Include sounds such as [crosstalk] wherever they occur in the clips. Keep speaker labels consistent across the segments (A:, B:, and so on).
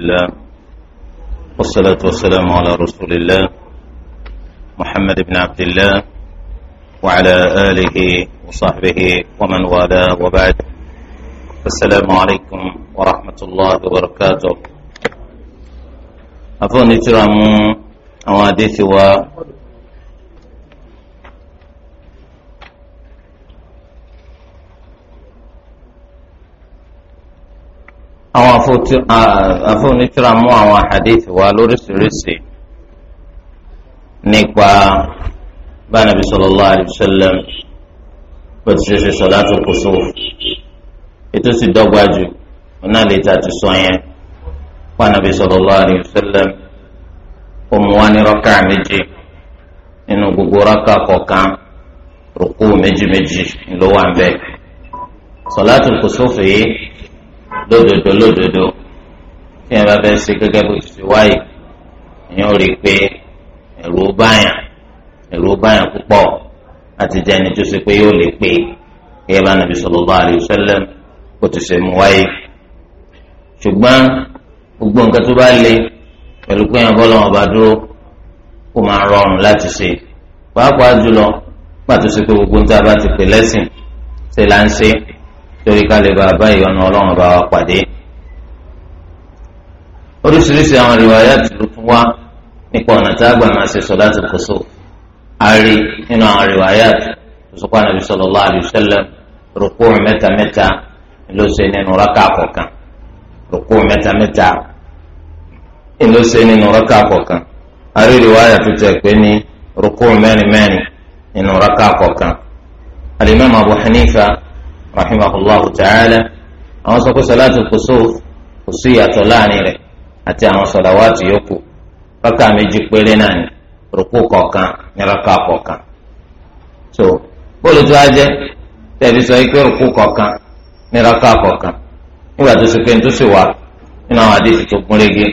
A: لله والصلاة والسلام على رسول الله محمد بن عبد الله وعلى آله وصحبه ومن والاه وبعد السلام عليكم ورحمة الله وبركاته أفوني ترى أواديث و àwọn afọ́nitìrà mú àwọn àhàdìtì wá lóríṣiríṣi nípa bánabi sallallahu alaihi wasallam pẹ̀lú ṣíṣe sọ̀láàtù kusuf ètò sì dọ́gba jù ọ̀nà lè ta ti sọ yẹn bánabi sallallahu alaihi wasallam ó mú wá ní rọ́kà méjì nínú gbogbo rọ́kà kọ̀ọ̀kan rúkú méjì méjì ló wà ń bẹ̀ sọ̀láàtù kusuf lódodo lódodo tí ẹ bá fẹ́ ṣe gẹ́gẹ́ bó ṣe wáyé ẹ̀yin ò rí i pé ẹ̀rù báyà ẹ̀rù báyà púpọ̀ láti jẹ́ ẹni tó ṣe pé yóò lè pé e. gẹ́gẹ́ bá nàbí sallallahu alaihi wasallam kó ti ṣe mú wáyé ṣùgbọ́n gbogbo nǹkan tó bá le pẹ̀lú pé ẹ̀yàn bọ́lọ́ ọba dúró kó máa rọrùn láti ṣe pàápàá jùlọ pàtó ṣe pé gbogbo nǹkan tá a bá ti pè lẹ́sìn ṣe là ń ṣe é torí ká lè bàbá ìyọnu ọlọ́run bá wa pàdé. oríṣiríṣi àwọn rìwáyà tìlú tún wá nípa ọ̀nà tá a gbà máa ṣe sọ̀láàtì kusuf a rí nínú àwọn rìwáyà ìsopọ̀ ànábi sallallahu alaihi wasallam rúkú mẹ́tamẹ́ta ló ṣe nínú rákà kọ̀ọ̀kan rúkú mẹ́tamẹ́ta ló ṣe nínú rákà kọ̀ọ̀kan a rí rìwáyà tó tẹ̀ pé ní rúkú mẹ́rin mẹ́rin nínú rákà kọ̀ọ̀kan. alimami Abu rahimahullah ta'ala àwọn sọ pé sọláàtì kusuf kò sí ìyàtọ̀ láàrin rẹ̀ àti àwọn sọláwàtì yòókù rákà méjì péré náà ni rúkú kọ̀ọ̀kan ní rákà kọ̀ọ̀kan so bóòlù tó a jẹ tẹ̀lé sọ pé rúkú kọ̀ọ̀kan ní rákà kọ̀ọ̀kan nígbà tó sì pé ní tó sì wà nínú àwọn àdéhùn tó gún régé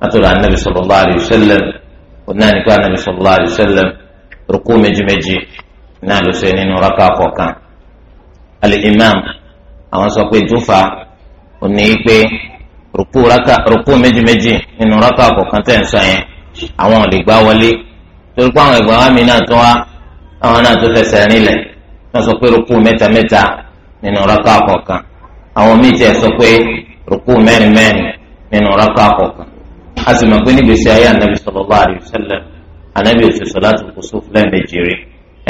A: látọ̀dọ̀ anabi sallallahu alayhi wa sallam onáà nípa anabi sallallahu alayhi wa sallam rúkú méjì méjì náà ló ṣe nínú rákà kọ̀ọ̀kan al-imam àwọn sọ pé dúfà òní pé rúkú méjìméjì nínú rákà kọ̀ọ̀kan tẹ̀ ń sọ yẹn àwọn ò lè gbá wọlé torí pé àwọn ìgbà wa mi náà tó wá àwọn náà tó fẹsẹ̀ rinlẹ̀ wọ́n sọ pé rúkú mẹ́ta mẹ́ta nínú rákà kọ̀ọ̀kan àwọn míì tiẹ̀ sọ pé rúkú mẹ́rin mẹ́rin nínú rákà kọ̀ọ̀kan a sì mọ̀ pé nígbèsí ayé ànábì sallallahu alaihi wasallam ànábì òṣìṣẹ́ láti kó sófin lẹ́ẹ̀mejì rí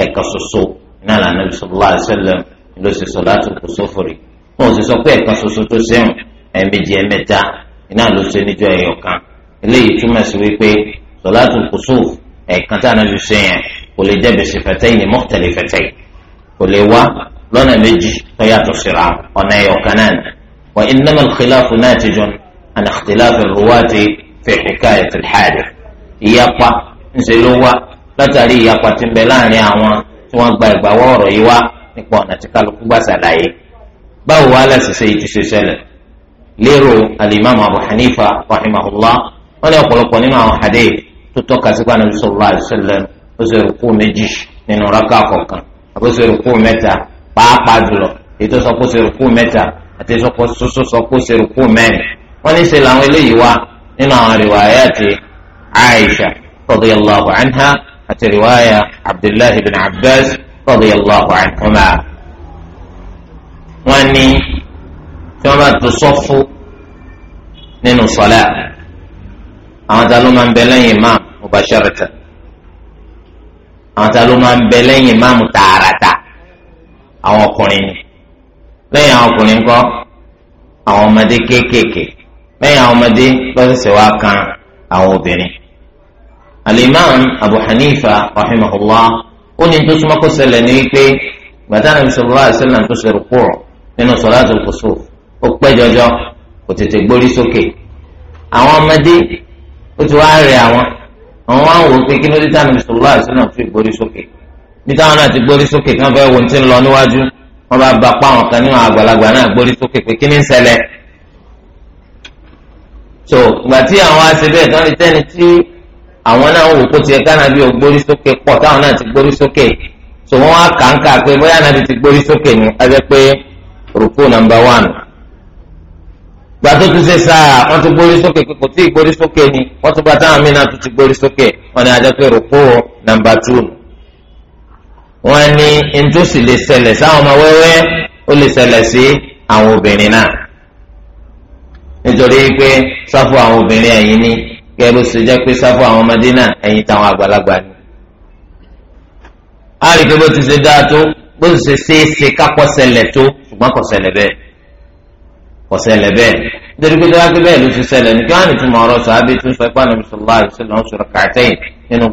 A: ẹ̀ka ṣoṣo náà ló ṣe sọ̀láàtù kùsùfùrì wọn ò sì sọ pé ẹ̀kan ṣoṣo tó ṣẹ́hùn ẹ̀ẹ̀mejì ẹ̀mẹ́ta iná ló ṣe níjọ́ ẹ̀yọ̀ kan eléyìí túmọ̀ sí wípé sọ̀láàtù kùsùf ẹ̀ẹ̀kan tá a náà fi ṣe yẹn kò lè jẹ́ bẹ̀sẹ̀ fẹ́tẹ́yìn ní mọ́tẹ̀lẹ̀ fẹ́tẹ́yìn kò lè wá lọ́nà méjì tó yàtọ̀ síra ọ̀nà ẹ̀yọ̀ kan náà wa innama al-khilafu natijun an ikhtilafi ar-ruwati fi hikayati nípa ọ̀nà tí kálukú gbà sàlàyé báwo wà láṣìṣe yìí ti ṣe ṣẹlẹ̀ lérò alimami abu hanifa rahimahullah wọn ní ọ̀pọ̀lọpọ̀ nínú àwọn hadith tó tọ́ka sí pa nàbí sallallahu alaihi wasallam ó ṣe rúkú méjì nínú rákà kọ̀ọ̀kan àbó ṣe rúkú mẹ́ta pàápàá jùlọ èyí tó sọ pé ó ṣe rúkú mẹ́ta àti sọ pé sọ ṣe rúkú mẹ́rin wọn ní ṣe làwọn eléyìí wá nínú àwọn riwaayati Aisha radiyallahu anha àti riwaaya Abdullahi bin Abbas radiyallahu anhuma wọ́n ní tí wọ́n bá tó sọ́fù nínú sọ́lá àwọn tá ló máa ń bẹ lẹ́yìn imam mubasharatan àwọn tá ló máa ń bẹ lẹ́yìn imam tààràtà àwọn ọkùnrin ni lẹ́yìn àwọn ọkùnrin kọ́ àwọn ọmọdé kéékèèké lẹ́yìn àwọn ọmọdé lọ́sẹ̀sẹ̀ wá kan àwọn obìnrin. al-imam abu hanifa rahimahullah ó ní tó súnmọ́ kó ṣẹlẹ̀ ní wípé gbàtà nàbí sallallahu alaihi wasallam tó ṣe rúkú rọ̀ nínú salatul kusuf ó pẹ́ jọjọ kò tètè gbórí sókè àwọn ọmọdé ó ti wá rẹ̀ àwọn àwọn wá wò ó pé kí ló dé tá nàbí sallallahu alaihi wasallam fi gbórí sókè bí táwọn náà ti gbórí sókè kí wọ́n fẹ́ wo ti ń lọ níwájú wọ́n bá ba pa àwọn kan nínú àgbàlagbà náà gbórí sókè pé kí ni ń ṣẹlẹ̀ so gbàtí àwọn aṣèbẹ̀ tán lè tẹ́ni tí
B: àwọn náà wò kó
A: tiẹ̀ káná bí o gbórí sókè pọ̀ táwọn náà ti gbórí sókè tó wọ́n á kàńkà pé bóyá náà ti gbórí sókè ni a jẹ́ pé rúkú nàmbà wán gbà tó tún ṣe sáà wọ́n ti gbórí sókè pé kò tí gbórí sókè ni wọ́n tún gba táwọn míì náà tún ti gbórí sókè wọ́n ní a jẹ́ pé rúkú nàmbà tù wọ́n ní ntòsí lè ṣẹlẹ̀ sáwọn ọmọ wẹ́wẹ́ ó lè ṣẹlẹ̀ sí àwọn obìnrin náà nítorí pé sáfù àwọn obìnrin ẹ̀yìn ni kẹ́ẹ́ bó ṣe jẹ́ pé sáfù àwọn ọmọdé náà ẹ̀yìn táwọn àgbàlagbà ni. a rí i pé bó ti ṣe dáa tó bó ti ṣe ṣe é ṣe kápọ̀ ṣẹlẹ̀ tó ṣùgbọ́n kò ṣẹlẹ̀ bẹ́ẹ̀ kò ṣẹlẹ̀ bẹ́ẹ̀ nítorí pé dáwọ́ pé bẹ́ẹ̀ ló ṣẹlẹ̀ ní kí wọ́n ọ̀rọ̀ sàábì tó sọ kàtẹ́yìn nínú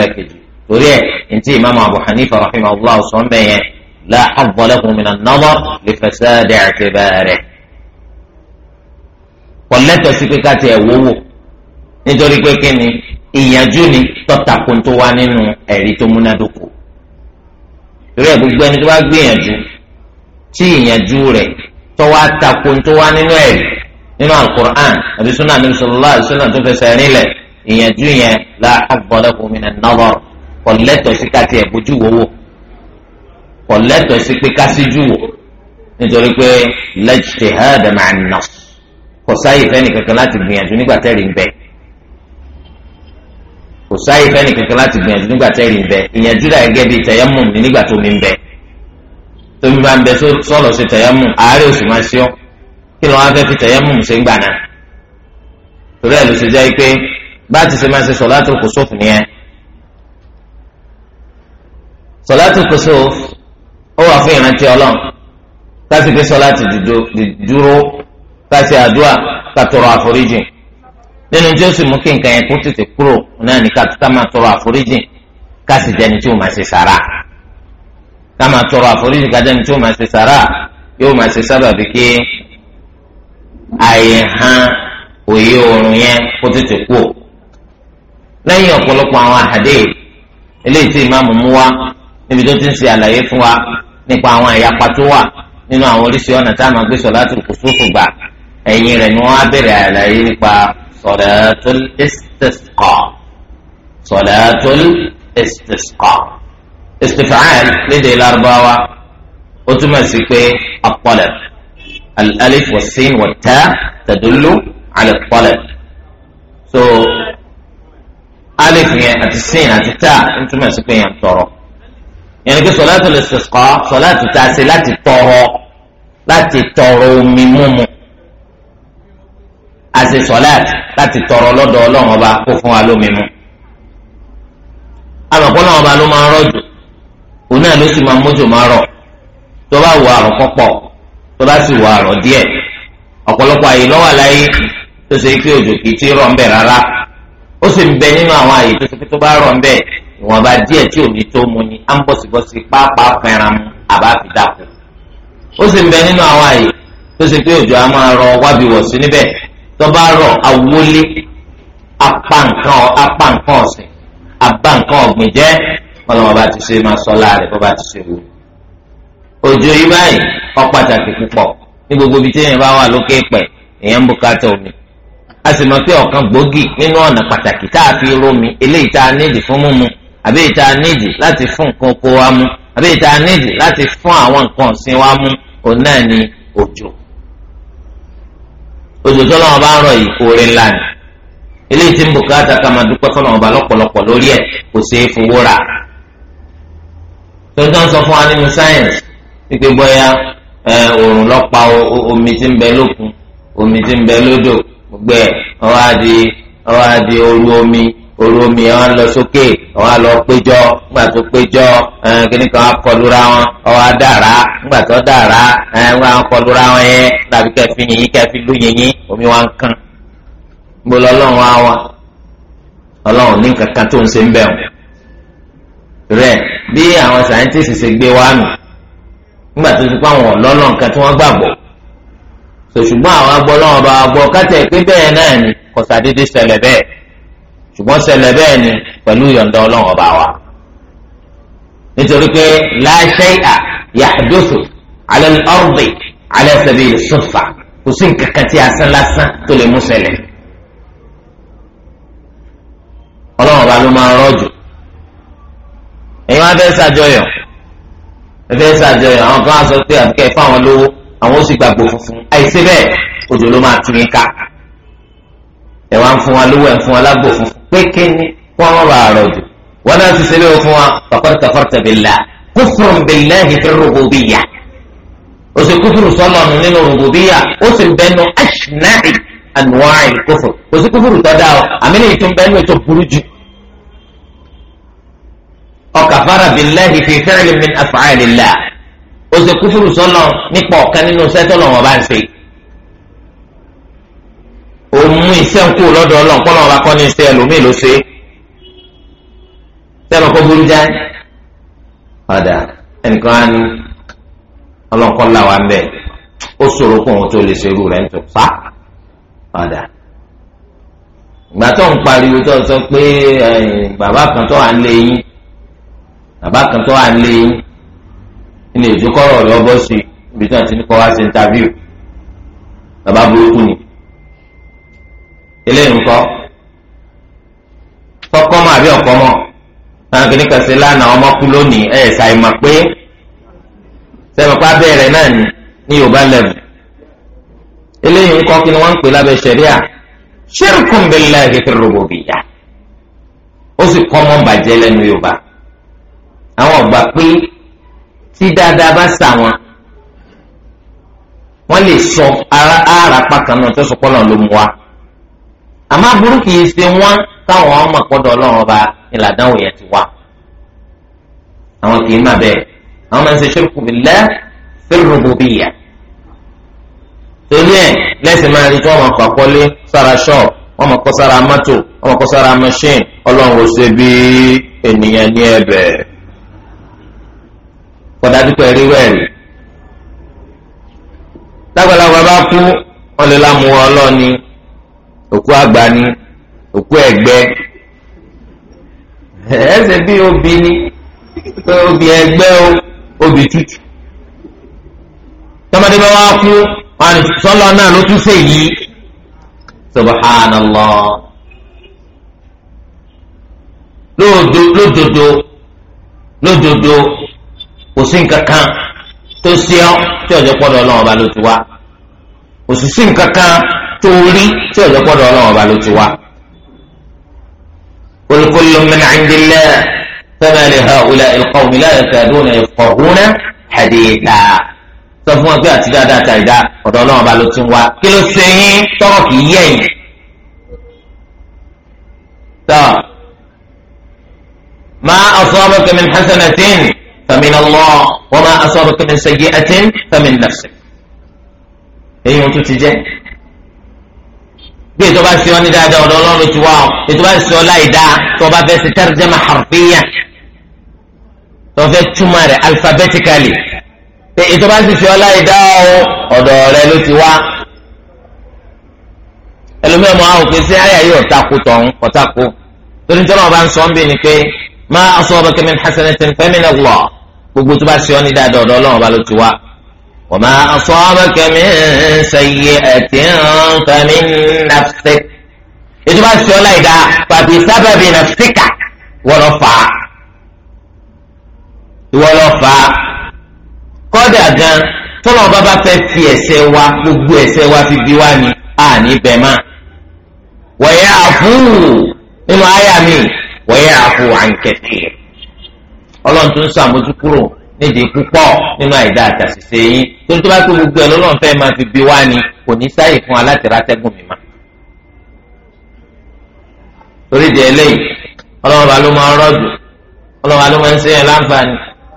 A: gbogbo torí ẹ̀ ntí imaamu abu hanifa rahimahullah sọ ń bẹ̀ yẹn la hadd lahu min an-nadar li fasadi i'tibarihi kọ̀lẹ́tọ̀ sí pé káti ẹ̀ wówó nítorí pé kí ni ìyànjú ni tọ́takùn tó wá nínú ẹ̀rí tó múnádókò torí ẹ̀ gbogbo ẹni tó bá gbìyànjú tí ìyànjú rẹ̀ tọ́wọ́ àtakùn tó wá nínú ẹ̀rí nínú alukur'an àbí sunnah nabi sallallahu tó fẹsẹ̀ rinlẹ̀ ìyànjú yẹn la hadd lahu min an kò lẹ́tọ̀ọ́ sí ká tiẹ̀ bójú wo wò kò lẹ́tọ̀ọ́ sí pé ká síjú wò nítorí pé lajtihad ma'an nas kò sáyè fẹ́ni kankan láti gbìyànjú nígbà tẹ́rì ń bẹ kò sáyè fẹ́ni kankan láti gbìyànjú nígbà tẹ́rì ń bẹ ìyànjú rà gẹ́gẹ́ bíi tayammum ní nígbà tómi ń bẹ tómi bá ń bẹ sọ̀rọ̀ sí tayammum àárẹ̀ oṣù máa ṣíọ́ kí ló wá fẹ́ fi tayammum ṣe ń gbà náà torí ẹ̀ ló ṣe jẹ́ pé bá ti ṣe máa ṣe sọ̀látul kusuf nìyẹn sọláàtì kusuf ó wà fún ìrántí ọlọ́run káṣí pé sọláàtì dúró káṣí àdúrà kàtọrọ àforíjì nínú tí ó sì mú kí nǹkan yẹn kó tètè kúrò náà ní ká máa tọrọ àforíjì káṣí jẹni tí ó máa ṣe sàrà ká máa tọrọ àforíjì ká jẹni tí ó máa ṣe sàrà yóò máa ṣe sábàbí kí àìhàn òye oorun yẹn kó tètè kúrò lẹ́yìn ọ̀pọ̀lọpọ̀ àwọn àhàdé eléyìí tí ìmáàmù mú wá níbi tó ti ń ṣe àlàyé fún wa nípa àwọn àyapa tó wà nínú àwọn oríṣi ọ̀nà tá a máa gbé sọ̀látùl kùsúfù gbà ẹ̀yìn rẹ̀ ni wọ́n á bẹ̀rẹ̀ àlàyé nípa sọ̀látùl istisqa sọ̀látùl istisqa istif'al lédè lárúbáwá ó túmọ̀ sí pé at-talab al-alif was so alif yẹn àti sin àti ta ń túmọ̀ sí pé yẹn tọrọ yẹn kí sọláàtì lè sèkọ́ sọláàtì tá a ṣe láti tọrọ láti tọrọ omi mímu a ṣe sọláàtì láti tọrọ lọ́dọ̀ ọlọ́run ọba kó fún wa lómi mu alọ̀pọ̀lọ́ ọba ló máa ń rọ̀jò òun náà ló sì máa ń mójò máa rọ̀ tó bá wọ àrùn kọ́pọ̀ tó bá sì wọ àrọ̀ díẹ̀ ọ̀pọ̀lọpọ̀ àyè lọ́wọ́ àláyé tó ṣe pé òjò kìí ti rọ̀ ń bẹ̀ rárá
B: ó sì ń bẹ nínú àwọn àyè tó ṣe pé tó bá rọ̀ ń bẹ̀
A: ìwọ̀nba díẹ̀ tí ò ní tó mu ni à ń bọ̀sibọ̀si pàápàá fẹ́ràn mu àbá fi dàpọ̀ ó sì ń bẹ nínú àwọn àyè tó ṣe pé òjò a máa rọ wábiwọ̀sí níbẹ̀ tó bá rọ awolé apá nǹkan apá nǹkan ọ̀sìn apá nǹkan ọ̀gbìn jẹ́ ọlọ́mọba ti ṣe máa sọ láàrẹ̀ bọ́ba ti ṣe wò òjò yìí báyìí ó pàtàkì púpọ̀ ní gbogbo ibi tí èèyàn bá wà lókè pẹ̀ èèyàn ń bùkátà omi a sì mọ̀ pé ọ̀kan gbòógì nínú ọ̀nà pàtàkì tá a fi rómi eléyìí tá a nídìí fún mímu àbí ìta nídìí láti fún nǹkan oko wa mú àbí ìta nídìí láti fún àwọn nǹkan ọ̀sìn wa mú òun náà ni òjò òjò tó lọ́wọ́ bá ń rọ̀ yìí ńlá ni eléyìí tí ń bùkátà ká máa dúpẹ́ fún ọba lọ́pọ̀lọpọ̀ lórí ẹ̀ kò ṣeé fowó rà tọ́jú ń sọ fún wa nínú sáyẹ̀nsì wípé bóyá òòrùn lọ́pa omi tí ń bẹ lókun omi tí ń bẹ lódò gbogbo ẹ̀ ọwọ́ di ọwọ́ di oru omi orí omi ẹ̀ wọ́n lọ sókè wọ́n á lọ péjọ nígbà tó péjọ kíní kan kọlura wọn ọwọ́ á dàrá nígbà tó dàrá nígbà wọn kọlura wọn yẹn dàbí kẹfì yìnyín kẹfì lù yìnyín omi wọn ń kàn gbọ́dọ̀ ọlọ́run á wà ọlọ́run ní kankan tó ń ṣe ń bẹ̀ wọ́n rẹ bí àwọn sáyẹ́ntìsì ṣe gbé wá nù nígbà tó ti pa àwọn ọlọ́nà nǹkan tí wọ́n gbàgbọ́ ṣùgbọ́n àwọn agbọ́lọ́wọ́ bá gbọ́ kátẹ́ pé bẹ́ẹ̀ náà ni kò sàdédé ṣẹlẹ̀ ṣùgbọ́n ṣẹlẹ̀ bẹ́ẹ̀ ni pẹ̀lú yọ̀ǹda ọlọ́run ọba wa nítorí pé la shay'a yahduthu ala al-ardi ala sabili sufa kò sí nǹkan kan tí a sán lásán tó lè mú ṣẹlẹ̀ ọlọ́run ọba ló máa ń rọ́jò èyí wọn fẹ́ ṣàjọyọ̀ fẹ́ ṣàjọyọ̀ àwọn kan á sọ pé àbíkẹ́ fáwọn lówó àwọn ó sì gbàgbó funfun àìsí bẹ́ẹ̀ òjò ló máa tún yín ká ẹ̀ wá ń fún wa lówó ẹ̀ ń fún wa lágbó funfun pé kíni wọn wọn bá rọ jù wọn náà ti ṣe léwu fún wa faqad kafarta billah kufrun billahi fi rububiyyah o sì kúfùrù sọlọ́nù nínú rububiyyah ó sì bẹnu ashna'i anwa'i kúfùrù kò sí kúfùrù tó dáa o àmì ní ìtún bẹnu ètò burú jù ọkàfàrà billahi fi fi'lin min af'alillah o sì kúfùrù sọlọ́nù nípa ọ̀kan nínú sẹ́tọ̀lọ́ wọn bá ń ṣe ó mú iṣẹ́ ń kú lọ́dọ̀ ọlọ́run kọ́ lọ́wọ́ bá kọ́ ní iṣẹ́ ẹlòmíì ló ṣe sẹ́nu kó burú jáì ọ̀dà ẹnìkan á ní ọlọ́run kọ́ là wá ń bẹ̀ ó ṣòro kó òun tó lè ṣerú rẹ̀ ń tó pa ọ̀dà ìgbà tó ń pariwo tó sọ pé bàbá kan tó wà ń lé yín bàbá kan tó wà ń lé yín ní ìjókòrò ọ̀rẹ́ ọbọ̀ sí ibi tí wọ́n ti ní kọ́ wá sí interview bàbá burúkú ni eléyìí ń kọ́ kọ́kọ́ mọ̀ àbí ọ̀kọ́ mọ̀ táwọn kìíní kan ṣe lánàá ọmọ kú lónìí ẹ̀ ṣàìmọ̀ pé sẹ́mọ̀pá bẹ̀rẹ̀ náà ni ní yorùbá lẹ́bù eléyìí ń kọ́ kí ni wọ́n ń pè lábẹ́ ṣẹ̀ríà ṣírkùn billahi fi rububiyyah ó sì kọ́ mọ́ bàjẹ́ lẹ́nu yorùbá àwọn ọ̀gbà pé tí dáadáa bá sà wọn wọ́n lè sọ ara ara pàkànnà tó sọ pọ́nà ló mu wá àmọ́ aburú kì í ṣe wọ́n táwọn ọmọ pọ́dọ̀ ọlọ́run ọba ìlàdánwò yẹn ti wá àwọn kì í má bẹ́ẹ̀ àwọn máa ń ṣe ṣírkù billah fil rububiyyah torí ẹ̀ lẹ́sìn máa rí tí wọ́n máa kọ́ àkọ́lé sára ṣọ́ọ̀bù wọ́n máa kọ́ sára mọ́tò wọ́n máa kọ́ sára machine ọlọ́run ò ṣe bí ènìyàn ní ẹ̀bẹ̀ kọ̀dá dúpẹ́ rí wẹ̀rì lágbàlagbà bá kú wọn òkú agbani òkú ẹ̀gbẹ́ ẹsẹ̀ bí obi ni obi o obì tútù tọmọdé bá wá kú sọlọ náà ló tún ṣèyí subhanallah lódodo lódodo lódodo kò sí tó ṣe ọ tí ọjọ́ pọdọ Ọlọ́run ló tó rí tí ọ̀dọ́ pọ̀dọ̀ ọlọ́run ọba ló ti wá. olukolu mi qul kullun ha indillah eko li ha'ula'il qawmi ni eko yafqahuna haditha. sọ fún wọn pé àti dáadáa ta ìdá ọ̀dọ̀ ọlọ́run ọba ló ti wá kí ló ṣe yín tọrọ kì í ye yẹ̀yìn. tọ́ ma asabaka min hasanatin famin Allah wa ma asabaka min sayyi'atin famin nafsik. èyí wọn tún ti jẹ́
B: bí ètò bá sí ọ ní dáadáa ọ̀dọ̀ ọlọ́run ti wá ọ ètò bá sí ọ láì dáa
A: tó o bá fẹ́ ṣe tarjama harfiyya tó o fẹ́ túmọ̀ rẹ̀ alifabẹ́tíkàlì pé ètò bá sì sí ọ láì dáa ọ ọ̀dọ̀ rẹ ló ti wá. ẹlòmíràn àwọn òpin sí àyà yìí ọ̀tako tọ̀hún ọ̀tako torí tí wọn bá ń sọ ń bì ní pé ma asabaka min hasanatin famin Allah gbogbo tó bá sí ní dáadáa ọ̀dọ̀ ọlọ́run ọba ló ti wá. وما أصابك من سيئة فمن نفسك ìjọba ṣe ọ́ láì dáa fàbí sábàbí nafsika wọ́n lọ fà á wọ́n lọ fà á kọ́dà gan tọ́lọ̀ bàbá fẹ́ fi ẹ̀ṣẹ̀ wa gbogbo ẹ̀ṣẹ̀ wa fi bí wá ní àní bẹ́ẹ̀ má wọ̀yẹ́ àfú nínú àyà mi wọ̀yẹ́ àfú àǹkẹ́tì ọlọ́run tó ń sọ àmójúkúrò nídìí púpọ̀ nínú àìdá àtàṣìṣe yín torí tó bá tó gbogbo ẹ̀ lọ́lọ́run fẹ́ máa fi bí wá ni kò ní sáyè fún wa láti rátẹ́gùn mi mà. torí di eléyìí ọlọ́run bá ló máa ń rọ́jò ọlọ́run bá ló máa ń ṣe yẹn láǹfààní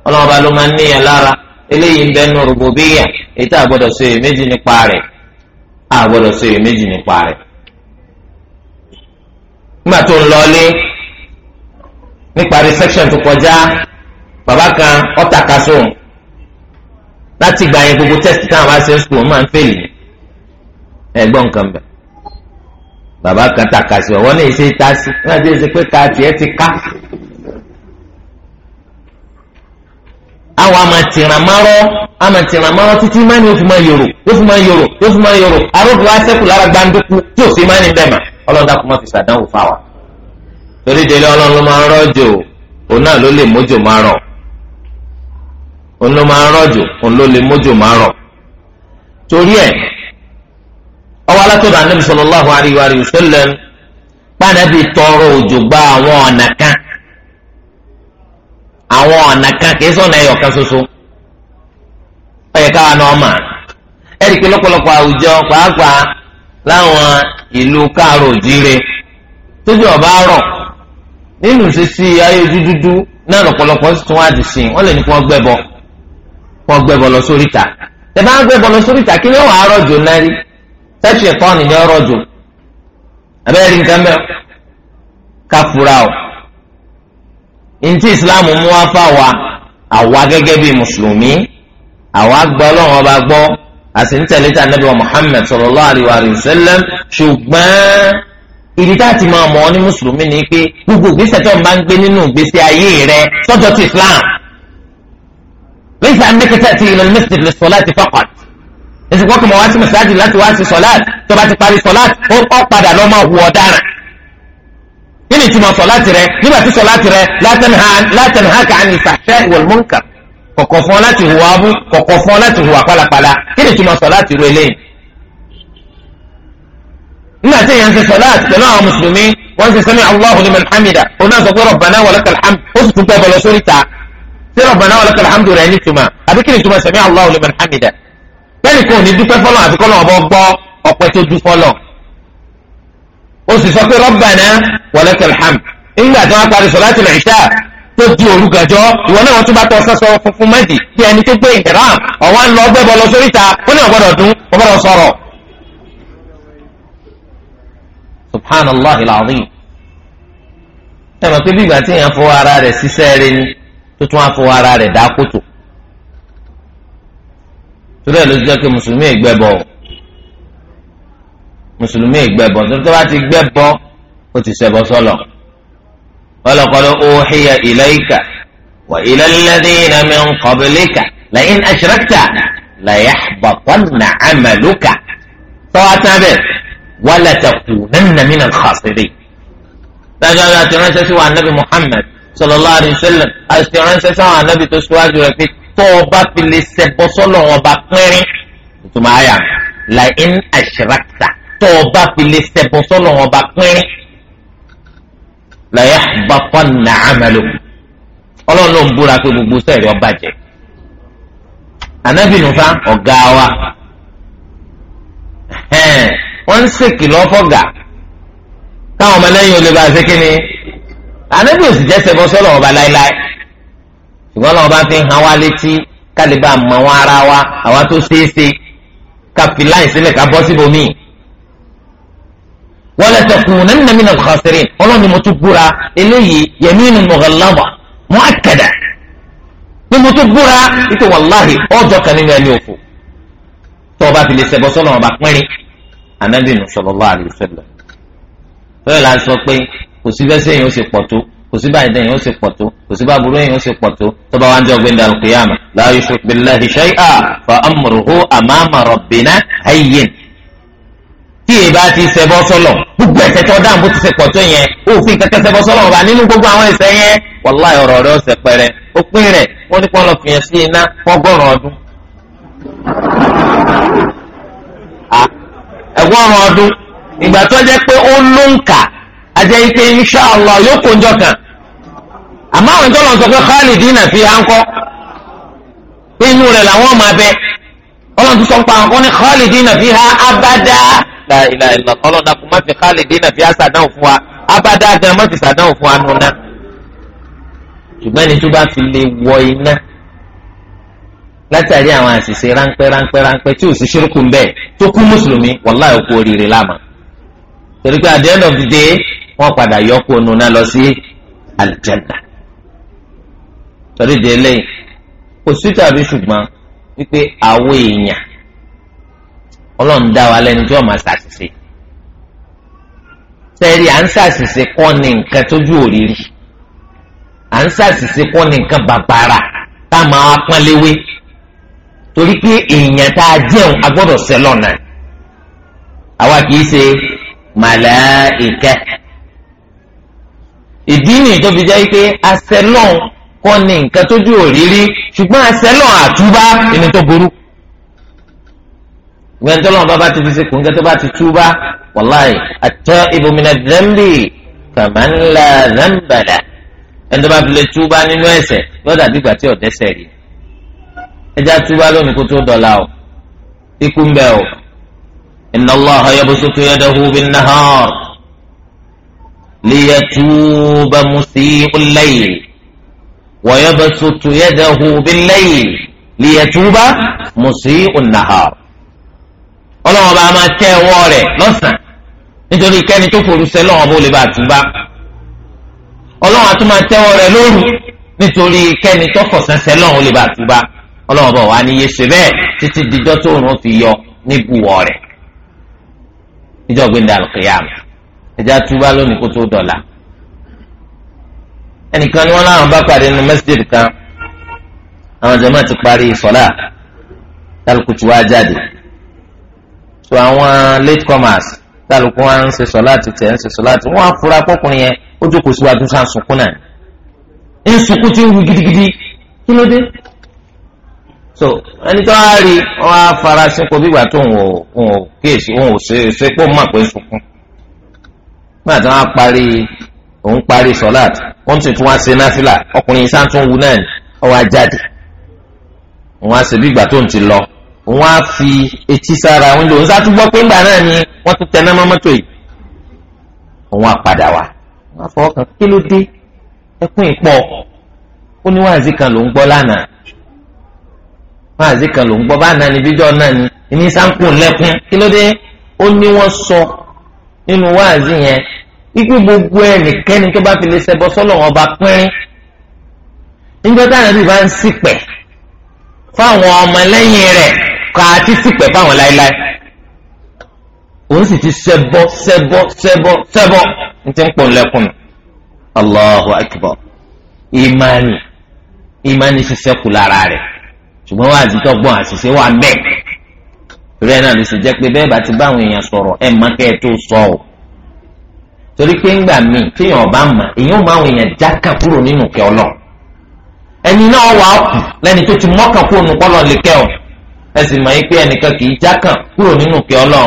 B: ọlọ́run bá ló máa ń níyàn lára
A: eléyìí ń bẹnu rògbòbíyà èyí tá a gbọ́dọ̀ ṣe èméjì nípa rẹ̀ a gbọ́dọ̀ ṣe èméjì nípa rẹ̀. nígbà tó ń lọlé bàbá kan ọ̀tà ka sóhun láti gba yẹn gbogbo test táwọn bá ṣe ń sùn máa ń fèlè ní ẹ̀gbọ́n nǹkan bẹ bàbá kan tàka sí ọwọ́ náà ṣe ta sí wọn àti ẹsẹ̀ pé ká tiẹ̀ ti ká àwọn amàtìrànmọ́rọ́ amàtìrànmọ́rọ́ títí máa ní o fi máa yòrò o fi máa yòrò o fi máa yòrò àròkù wa sẹ́kù lára gbàǹdùkú tí ò sí máa ní bẹ́ẹ̀ mà ọlọ́dà kò má fi ṣàdánwò fáwa torí délé ọlọ́run ló máa ń rọ́jò òun náà ló lè mójò máa rọ̀ òun ló máa ń rọ̀jò òun ló lè mójò máa rọ̀ torí ẹ̀ ọwọ́ alátọ́dọ̀ anábì sallallahu alayhi wa sallam pàdánù tọrọ òjò gba àwọn ọ̀nà kan àwọn ọ̀nà kan kìí sọ̀nà ẹ̀yọ̀ kan ṣoṣo ọ̀yẹ̀ káwa náà mà ẹ̀rì pé lọ́pọ̀lọpọ̀ àwùjọ pàápàá láwọn ìlú tójú ọba rọ̀ nínú sísí ayé dúdúdú náà lọ́pọ̀lọpọ̀ tún wá wọ́n wọn gbẹ bọlọ sórí ta ẹ bá ń gbẹ bọlọ sórí ta kí ni wọn arọ jò náà rí sẹsì ẹkọ ni ni ọrọ jò abẹ́rẹ́ nǹkan mẹ́wọ́ ká fura o ntí islam mú wá fáwa àwa gẹ́gẹ́ bíi mùsùlùmí àwa gbọ́ ọlọ́run ọba gbọ́ àti ntẹ̀lẹ́tà nàbí wa muhammed sallallahu alayhi wa sallam ṣùgbọ́n ibi tá a ti máa mọ̀ ọ́ ní mùsùlùmí ni pé gbogbo ìgbésẹ̀ tó ń bá ń gbé nínú ìgbésí ayé rẹ sọ́jọ́ ti islam. ليس أنك تأتي إلى المسجد للصلاة فقط èsì kọ́ kìmọ̀ wá sí mẹ́sáàgì láti wá sí sọ̀láàt tó bá ti parí sọ̀láàt ó kọ́ padà lọ́ máa hu ọ̀daràn kí ni ìtumọ̀ sọ̀láàt rẹ nígbà tí sọ̀láàt rẹ látàn ha kà ní fàṣẹ wọ̀lmúnkà kọ̀kọ̀ fún ọ láti hùwà abú kọ̀kọ̀ fún ọ láti hùwà pálapàla kí ni ìtumọ̀ sọ̀láàt rẹ lẹ́yìn. nígbà tí èèyàn ń ṣe sọ̀láàt pẹ̀lú àwọn mùsùlùmí wọ́n ń ṣe sami Allahu liman hamida òun náà sọ pé rabbana wa lakal hamd ó sì tún bẹ́ẹ̀ bọ̀ lọ sórí ta ṣé rabbana wa lakal hamdu rẹ̀ ní tuma àbí kí ni tuma sami'a Allahu liman hamida bẹ́ẹ̀ni kò ní dúpẹ́ fọlọ́ àfi kọ́lọ́ ọ̀bọ gbọ́ ọ̀pẹ́ tó dúpọ́ lọ. ó sì sọ pé rabbana wa lakal hamd nígbà tí wọ́n parí sọ̀láàtì ìṣá tó di olùgàjọ́ ìwọ náà wọ́n tún bá tọ́ sọ́sọ́ funfun méjì bí ẹni tó gbé ìhìrán ọ̀wá ń lọ gbẹ́bọ lọ sórí ìta ó ní ọ̀gbọ́dọ̀ dún ọ̀gbọ́dọ̀ sọ̀rọ̀. subhanallah ilaahi ẹ̀ mọ̀ pé bí ìgbà tí èèyàn fọwọ́ ara rẹ̀ ṣiṣẹ́ rẹ̀ ni tó tún á fọwọ́ ara rẹ̀ dá kótó torí ẹ̀ ló jẹ́ pé mùsùlùmí ìgbẹ́bọ̀ mùsùlùmí ìgbẹ́bọ̀ torí tó bá ti gbẹ́bọ̀ ó ti ṣẹbọ sọ́lọ̀ ọlọ́kọ́lọ́ uhiya ilayka wa ila alladhina min qablika la in ashrakta la yahbatanna 'amaluka tọ́wọ́ tábẹ̀ wa la takunanna minal khasirin dájọ́ àti ránṣẹ́ sí wa nabi Muhammad sallallahu alaihi wasallam àti ránṣẹ́ sáwọn anábì tó ṣíwájú rẹ̀ pé tó o bá fi lè ṣẹbọ sọ́lọ̀ wọn bá pínrín ìtumọ̀ àyà la in ashrakta tó o bá fi lè ṣẹbọ sọ́lọ̀ wọn bá pínrín la yahbatanna amaluk ọlọ́run ló ń búra pé gbogbo sẹ́ẹ̀rì ó bàjẹ́ anábì nùfà ọ̀gá wa wọ́n ń ṣèkìlọ̀ fọ́gà káwọn ọmọlẹ́yìn olè bá ṣe kí ni ànábì ò sì jẹ́ sẹ́bọ́ sọ́lọ́ ọba láéláé ṣùgbọ́n náà ọba fi hàn wá létí kálíbà mọ wọn ara wa àwa tó ṣeé ṣe ká fi láì sílẹ̀ ká bọ́ síbòmíì wala takunanna mina al-khasirin ọlọ́ni mo tún búra eléyìí yaminun mughallada mu'akkada ni mo tún búra ike wàláhì ọjọ́ kan nínú ẹni òfò tó o fi lè ṣẹbọ sọ́nà ọba pínrín anábìnrin sallallahu alaihi wasallam fẹ́ẹ́ kò sí bẹ́sẹ̀ yẹn ó ṣe pọ̀ tó kò sí báyìí dẹ́yìn ó ṣe pọ̀ tó kò sí báburú yẹn ó ṣe pọ̀ tó tó bá wàá ń jẹ́ ọ̀gbẹ́ndà al-qiyamah la yushrik billahi shay'an fa amruhu amama rabbina hayyin. tí èyí bá ti ṣẹbọ sọlọ gbogbo ẹ̀ṣẹ̀ tó dáhùn bó ti ṣe pọ̀ tó yẹn òfin kẹ̀kẹ́ ṣẹbọ sọlọ ọba nínú gbogbo àwọn ẹ̀ṣẹ̀ yẹn wàláhì ọ̀rọ̀ rẹ̀ ọ̀sẹ̀ pẹrẹ òpin rẹ̀ wọ́n ní kí wọ́n lọ fìyàn sí iná fọ́gọ́rùn ọdún. ẹ̀gbọ́n ọdún ìgbà tó jẹ́ pé ó lóǹkà jẹ́ ike insha allah yóò kó njọ kan àmọ́ àwọn ìjọ lọ sọ pé khalidina fi hàn kọ́ pé inú rẹ̀ làwọn máa bẹ ọlọ́run ti sọ ń pa àwọn kan ní khalidina fi hàn abada la ilaha illa ọlọ́run náà kò má fi khalidina fi hàn sàdáhùn fún wa abada gan má fi sàdáhùn fún wa nù náà ṣùgbọ́n ẹni tó bá fi lè wọ iná látàrí àwọn àṣìṣe ráńpẹ́ ráńpẹ́ ráńpẹ́ tí ò sí ṣírùkù ń bẹ̀ tó kú mùsùlùmí wàláhì ó kú oríire láàmà torí pé at the end of the day wọ́n padà yọkú onu náà lọ sí àlìjẹ́nà torí de eléyìí kò sí tàbí ṣùgbọ́n wípé àwọn èèyàn ọlọ́run dá wa lẹ́nu tí wọ́n máa ṣàṣìṣe sẹ́ẹ̀rì à ń ṣàṣìṣe kọ́ ni nǹkan tójú òrìrì à ń ṣàṣìṣe kọ́ ni nǹkan bàbàrà tá a máa pọ́n léwé torí pé èèyàn tá a jẹun a gbọ́dọ̀ sẹ́lọ̀ náà àwa kì í ṣe màláìkẹ́ ìdí nìyí tó fi jẹ́ pé asẹ́lọ́n kọ́ ni nǹkan tójú òrírí ṣùgbọ́n asẹ́lọ́n àtúbá ẹni tó burú gbẹ̀ntọ́lọ́n bá bá ti fi sekùn gẹ́tọ́ bá ti túbá wàláì àtọ́ ibòmìnà dẹ́mbì kàmánlá dẹ́mbàdà ẹni tó bá fi lè túbá nínú ẹ̀ṣẹ̀ lọ́dà dìgbà tí ọ̀dẹ́sẹ̀ rí ẹjá túbá lónìí kó tó dọ̀la o ikú ń bẹ o inna Allaha yabsutu ليتوب مسيء الليل ويبسط يده بالليل ليتوب مسيء النهار ọlọ́wọ́n bá máa tẹ ọwọ́ rẹ̀ lọ́sàn-án nítorí kẹ́ni tó forúṣẹ́ lọ́wọ́ bó lè bá àtúbá ọlọ́wọ́n á tún máa tẹ ọwọ́ rẹ̀ lóru nítorí kẹ́ni tó fọ̀sẹ̀sẹ̀ lọ́wọ́ lè bá àtúbá ọlọ́wọ́n bá wà ní iye ṣe bẹ́ẹ̀ títí dijọ́ tó rùn fi yọ níbùwọ̀ rẹ̀ níjọ́ gbẹ̀ndà àlùkìyàmù ẹja túbá lónìí kó tó dọ̀là ẹnìkan ni wọn láwọn bá pàdé nínú mẹsídẹẹdì kan àwọn jàmáà ti parí sọlá kálukùtù wá jáde tó àwọn late comers kálukù wọn ń ṣe sọlá ti tẹ̀ ń ṣe sọlá ti wọn afura pọkùnrin yẹn ó jókòó síwájú sáà sunkún náà ń sunkún tí ń wu gidigidi kí ló dé so ẹni tó wá rí wọn á farasin kó bí ìgbà tó ń wò ó kíyèsí òun ò ṣe é pé ó mà pé nígbà tí wọ́n parí òun parí sọ́láàt wọ́n tún tún wá ṣe náfìlà ọkùnrin sá tún wù náà ọwọ́ ajáde òun á ṣe bí ìgbà tó ń ti lọ òun á fi etí sára òun lò ń sá tún gbọ́ pé ńgbà náà ni wọ́n tún tẹ náà mọ́tò yìí òun á padà wá wọ́n á fọwọ́ kan kí ló dé ẹkún ìpọ̀ ó ní wáàzí kan ló ń gbọ́ lánàá wáàzí kan ló ń gbọ́ bá náà ni bíjọ́ náà ni ìní sáńkù lẹ́kún kí ló dé ó ní wọ́n sọ nínú wáàzì yẹn ikú gbogbo ẹnikẹ́ni tó bá fi lè ṣẹbọ sọ́lọ̀ wọn bá pínrín níjọ́ táwọn ẹbí bá ń ṣìpẹ̀ fáwọn ọmọlẹ́yìn rẹ̀ kà á ti ṣìpẹ̀ fáwọn láéláé òun sì ti ṣẹbọ ṣẹbọ ṣẹbọ ṣẹbọ ní ti ń pọ̀ lẹ́kùn Allahu akbar Imani, imani ṣiṣẹ́ kù lára rẹ̀ ṣùgbọ́n wáàzì tó gbọ́n àṣìṣe wà bẹ́ẹ̀. rẹ náà ló sì jẹ́ pé bẹ́ẹ̀ bá ti bá àwọn èèyàn sọ̀rọ̀ ẹ má kẹ́ ẹ tó sọ o torí pé ńgbà míì téèyàn ọba mà èèyàn máa àwọn èèyàn jákà kúrò ọ lọ ẹni náà tó ti mọ́kàn kúrò nínú kọlọ lè kẹ ọ ẹ sì mọ̀ pé ẹnìkan kì í jákà kúrò nínú kẹ ọ lọ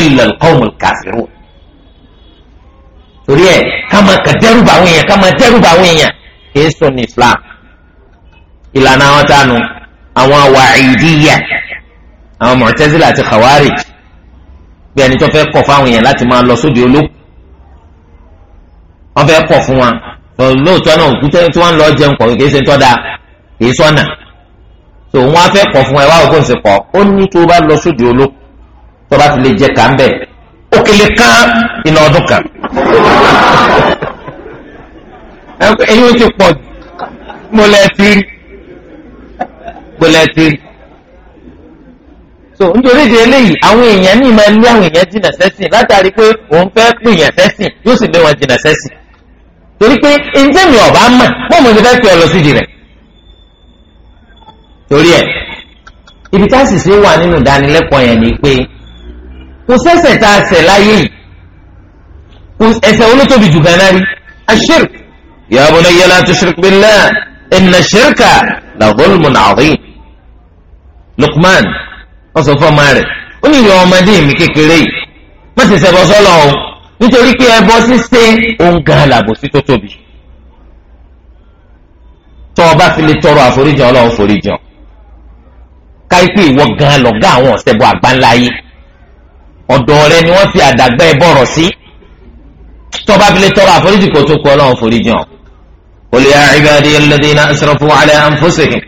A: illa al-qawmul torí ẹ àwọn àwọn mọ̀tẹ́sílà àti kàwárì pé ẹni tó fẹ́ kọ̀ fáwọn èèyàn láti máa lọ sóde olókùn wọ́n fẹ́ kọ̀ fún wa lóòótọ́ náà òkú tí wọ́n ń lọ jẹun kọ̀ kì í ṣe tọ́da kì í sọ́nà tó wọ́n á fẹ́ kọ̀ fún ẹ wá òkú ṣe kọ̀ ó ní tó bá lọ sóde olókùn tó bá ti lè jẹ kà ń bẹ̀ òkèlè kan iná ọdún kan [laughs] ẹ̀yin ti pọ̀ mọ́lẹ́tìrì mọ́lẹ́tìrì so nítorí ìdí eléyìí àwọn èèyàn ní máa lé àwọn èèyàn jìnnà sẹ́sìn látàrí pé òun fẹ́ pè yàn sẹ́sìn yóò sì lé wọn jìnnà sẹ́sìn torí pé ǹjẹ́ mi ọ̀bá mọ̀ bọ́ọ̀ mo ti fẹ́ fi ọ lọ sídìí rẹ̀ torí ẹ̀ ibi tá a sì ṣe wà nínú ìdánilẹ́kọ̀ọ́ yẹn ni pé kò sẹ́sẹ̀ tá a ṣẹ̀ láyé yìí kò ẹ̀ṣẹ̀ olótóbi jù ganan rí ashirk ya bunayya la tushrik billah inna shirka la dhulmun wọ́n sọ fún ọmọ rẹ̀ ó ní ìrìn ọmọdé mi kékeré yìí má sì ṣẹbọ sọ́lọ̀ o nítorí pé ẹbọ ṣíṣe òun gan làbòsí tó tóbi tọ́ ọ bá fi lè tọrọ àforíjì ọlọ́run foríjì ọ káyipé ìwọ gan lọ̀gá àwọn ọ̀sẹ̀bọ àgbáńláyé ọ̀dọ̀ rẹ ni wọ́n fi àdàgbà ẹ bọ̀rọ̀ sí tọ́ ọ fi lè tọrọ àforíjì kò tó kọ ọlọ́run foríjì ọ. Qul ya ibadiya alladhina asrafu ala anfusihim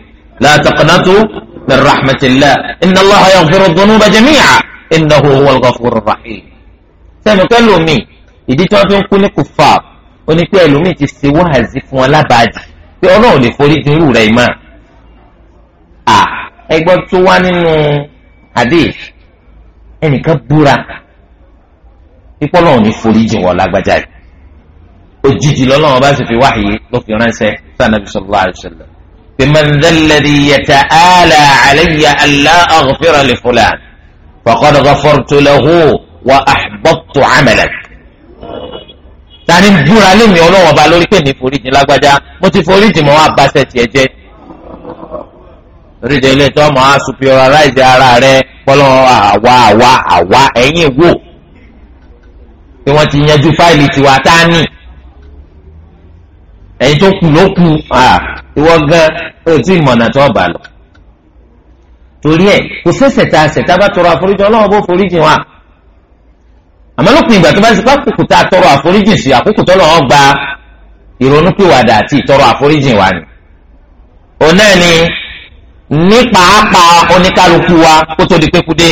A: min rahmatillah inna allah yaghfiru dhunuba jami'a innahu huwal ghafurur rahim. sẹ́mi pẹ́lú mi ìdí tí wọ́n fi ń kú ní kùfà onípe ẹlòmíì ti ṣe wáhàzí fún wọn lábàájì pé ọlọ́run lè forí di irú rẹ̀ mọ́. à ẹgbọ́n tó wá nínú hadith ẹnìkan búra ìpọ́lọ́run ní forí jìn wọ́n lágbájá yìí òjijì lọ́lọ́run bá sì fi wáhìí ló fi ránṣẹ́ sanabi sallallahu alaihi wasallam من ذا الذي يتآلى علي ألا أغفر لفلان فقد غفرت له وأحبطت عملك tani búra lémi ọlọ́wọ́n ba lórí pé foríjì lágbájá mo ti foríjì mọ́ abáṣẹ tiẹ̀ jẹ́ oríṣi ilé tó mọ̀ á ara rẹ bọ́lọ́ àwa àwa àwa ẹ̀yìn wò tí wọ́n ti yanjú fáìlì tiwa tá a ní. ẹ̀yin tó kù ló kù ìwọ gan ó ti mọ̀nà tó bà lọ. torí ẹ kò sẹ́sẹ̀ tá a sẹ̀ bá tọrọ àforíjì ọlọ́run bó foríjì wa àmọ́ lópin ìgbà tó bá ti pákòkò tá a tọrọ àforíjì sí àkókò tó lọ́wọ́ gba ìrònúpìwàdà àti ìtọrọ àforíjì wa ni. ọ̀nà náà ni ní pàápàá oníkálukú wa kó tó di pé kú dé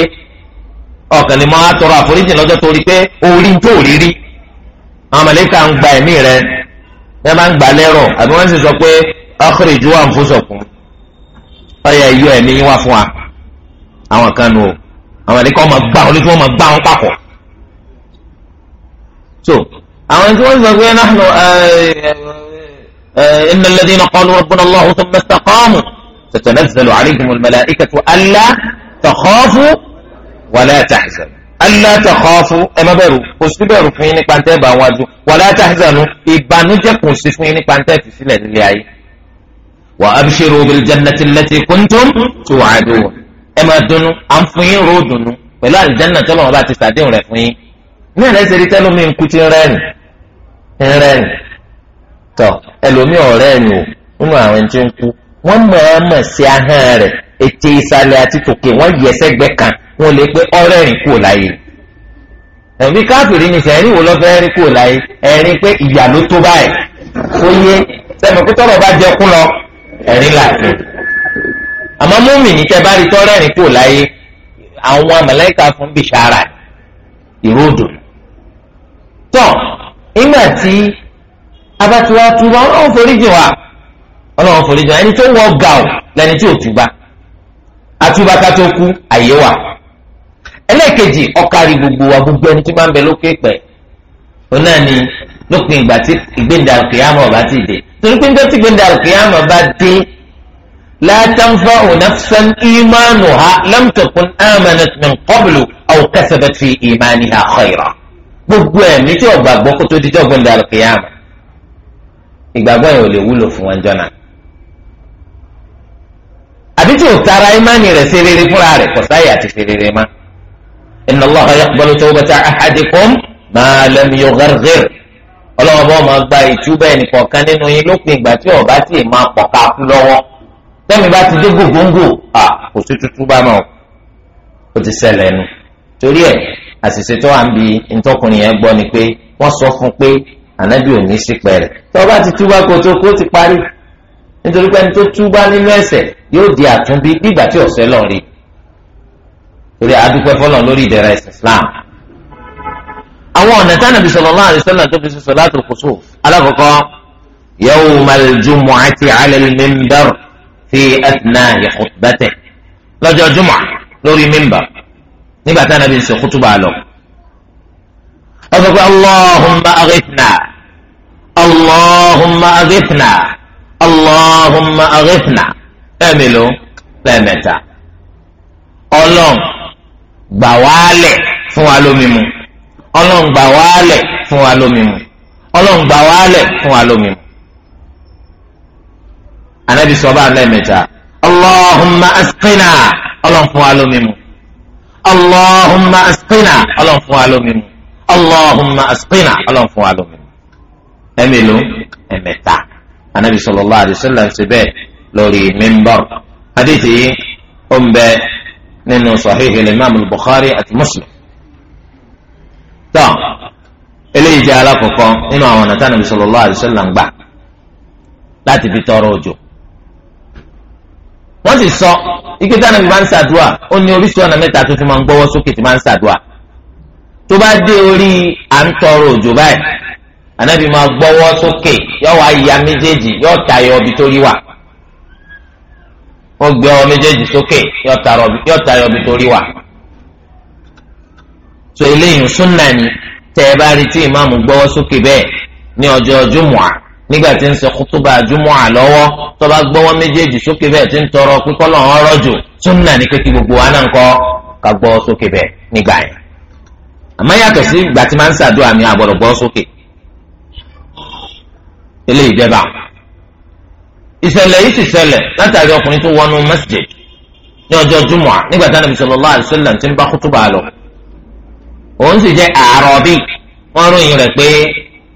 A: ọkàn lè tọrọ àforíjì lọ́jọ́ torí pé orí tó rí rí àwọn mọ̀lẹ́kà ń gba ẹ̀mí rẹ̀ ẹ máa ń gbà lẹ́rọ̀ àbí wọ́n sì sọ pé okunrin tí wa akhriju anfusakum ọyẹ ìyọ ẹ̀mí wá fún wa àwọn kan nù o àwọn ẹ̀dínkà ọmọ gbà wọn lójú ọmọ gbà wọn papọ̀ so àwọn tí wọ́n sọ pé naa nahnu inna alladhina qalu rabbuna Allahu thumma istaqamu tatanazzalu alayhimul malaikatu alla takhafu wa la tahzanu. alla takhafu ẹ má bẹ̀rù kò sí bẹ̀rù fún yín nípa ntẹ́ bá wọn adùn wala tahzanu ìbànújẹ́ kò sí fún yín nípa ntẹ́ fi sílẹ̀ nílé ayé. wa abshiru bil jannati allati kuntum tu'adun ẹ máa dunnú à ń fún yín ròó dunnú pẹ̀lú àlùjánnà tó lọ́wọ́ bá ti sàdéhùn rẹ̀ fún yín. ní ẹ̀rẹ́ ṣe rí tẹ́lómi ń kú ti rẹ́rìn rẹ́rìn tọ́ o nínú àwọn tí ń kú wọ́n mọ̀ ọ́n mọ̀ sí ahọ́n wọn ò lè pé ọ̀rẹ́ rìn kúrò láyé ẹbí káàpìrì ni sẹrin wò lọfẹ rìn kúrò láyé ẹrin pé ìyà ló tó báyìí ó yé sẹmọ pé tọrọ bá jẹ kú lọ ẹrin làásì àmọ́ múmi ní tẹ bá rí tọrẹ rìn kúrò láyé àwọn amẹlẹka fún bìsára ìró tọ nígbà tí abatiwa tuba Ọlọ́run foríjì wa Ọlọ́run foríjì wa ẹni tó wọ gàù lẹni tí ò tuba àtúbà kú àyè wà ẹlẹ́ẹ̀kejì ọ̀kari gbogbo wa gbogbo ẹni tí máa ń bẹ lókè pẹ̀ òun náà ni lópin ìgbà tí ìgbéǹda kìámọ̀ bá ti dé torí pé níjọ́ tí ìgbéǹda kìámọ̀ bá dé látàǹfà ònàfẹ́n ìmánu ha lámtọ̀kùn amanat min qablu aw kasabat fi ìmáni ha khayra gbogbo ẹ̀mí tí ọ̀gbàgbọ́ kó tó dijọ́ ìgbéǹda kìámọ̀ ìgbàgbọ́ yẹn ò lè wúlò fún wọn jọ́nà àbí tí ò tara ìmáni rẹ̀ ṣe rere fúnra rẹ̀ kọ̀ sáyà ti ṣe rere máa inna الله يقبل tawbata ahadikum ما لم yugharghir ọlọ́wọ́ bá máa gba ìtúbà ẹnì kọ̀ọ̀kan nínú yín lópin ìgbà tí ọ̀bá tí ì máa pọ̀ ká kú lọ́wọ́ tẹ́mi bá ti dé gògóńgò à kò sí tútú bá náà ó ti ṣẹlẹ̀ nu torí ẹ̀ àṣìṣe tó wà ń bi ntọ́kùnrin yẹn gbọ́ ni pé wọ́n sọ fún pé ànábì ò ní sí pẹ̀rẹ̀ tó ti túbà kó tó kó ti parí nítorí pé ẹni tó túbà nínú ẹ̀ṣẹ̀ yóò di àtúnbí bí ìgbà tí ọ̀sẹ̀ lọ torí adúpẹ́ fọlọ́n lórí ìdẹ̀ra ẹ̀sìn Islam. àwọn ọ̀nà tí Ànábì sallallahu alaihi wasallam tó fi ṣe salatul kusuf alákọ̀ọ́kọ́ yawmal jumu'ati 'ala al-minbar fi athna'i khutbatihi lọ́jọ́ jùmọ̀ lórí mímbà nígbà tí Ànábì ṣe kútùbà lọ. ọ̀sọ̀kọ̀ allahumma aghithna allahumma aghithna allahumma aghithna fẹ́ẹ̀mì ló fẹ́ẹ̀mẹta ọlọ́run. gbà wálẹ̀ fún wa lómi mu ọlọ́run gbà wálẹ̀ fún wa lómi mu ọlọ́run gbà wálẹ̀ fún wa lómi mu. anabi sọ bá ńlẹ mẹ́ta allahumma asqina ọlọ́run fún wa lómi mu allahumma asqina ọlọ́run fún wa lómi mu allahumma asqina ọlọ́run fún wa lómi mu. ẹ̀mẹ́lò ẹ̀mẹ́ta anabi sọlọ alaihi wasallam ṣe bẹ́ẹ̀ lórí mímbọ́r adéjì ó nínú sahih imam bukhari àti muslim. tọ́ eléyìí jẹ́ alákọ̀ọ́kọ́ nínú àwọn ọ̀nà tánàbí sallallahu alaihi wasallam gbà láti fi tọrọ òjò. wọ́n sì sọ ike tánàbí máa ń ṣàdúà ó ní oríṣi ọ̀nà mẹ́ta tó fi máa ń gbọ́wọ́ sókè tí máa ń ṣàdúà. tó bá dé orí à ń tọrọ òjò báyìí ànábì máa gbọ́wọ́ sókè yọ wá ya méjèèjì yọ tayọ ibi tó rí wà ó gbé ọwọ́ méjèèjì sókè yóò tayọ bí torí wà. tó eléyìí súnà ni tẹ ẹ bá rí tí ìmáàmù gbọ́wọ́ sókè bẹ́ẹ̀ ní ọjọ́ júmùà nígbà tí ń sọ kútúbà júmùà lọ́wọ́ tó bá gbọ́wọ́ méjèèjì sókè bẹ́ẹ̀ tí ń tọrọ pípọ́ lọ́wọ́ rọ́jò súnà ni kékeré gbogbo wa náà ń kọ́ ká gbọ́wọ́ sókè bẹ́ẹ̀ nígbà yẹn. àmọ́ yàtọ̀ sí ìgbà tí máa ń ṣàdúrà mi àbọ̀dọ̀ gbọ́wọ́ sókè eléyìí ìṣẹ̀lẹ̀ yìí sì ṣẹlẹ̀ látàrí ọkùnrin tó wọnú masjid ní ọjọ́ jumua nígbà tí anabi sallallahu alaihi wasallam ti ń bá kútùbà lọ òun sì jẹ́ àrọbí wọ́n ròyìn rẹ̀ pé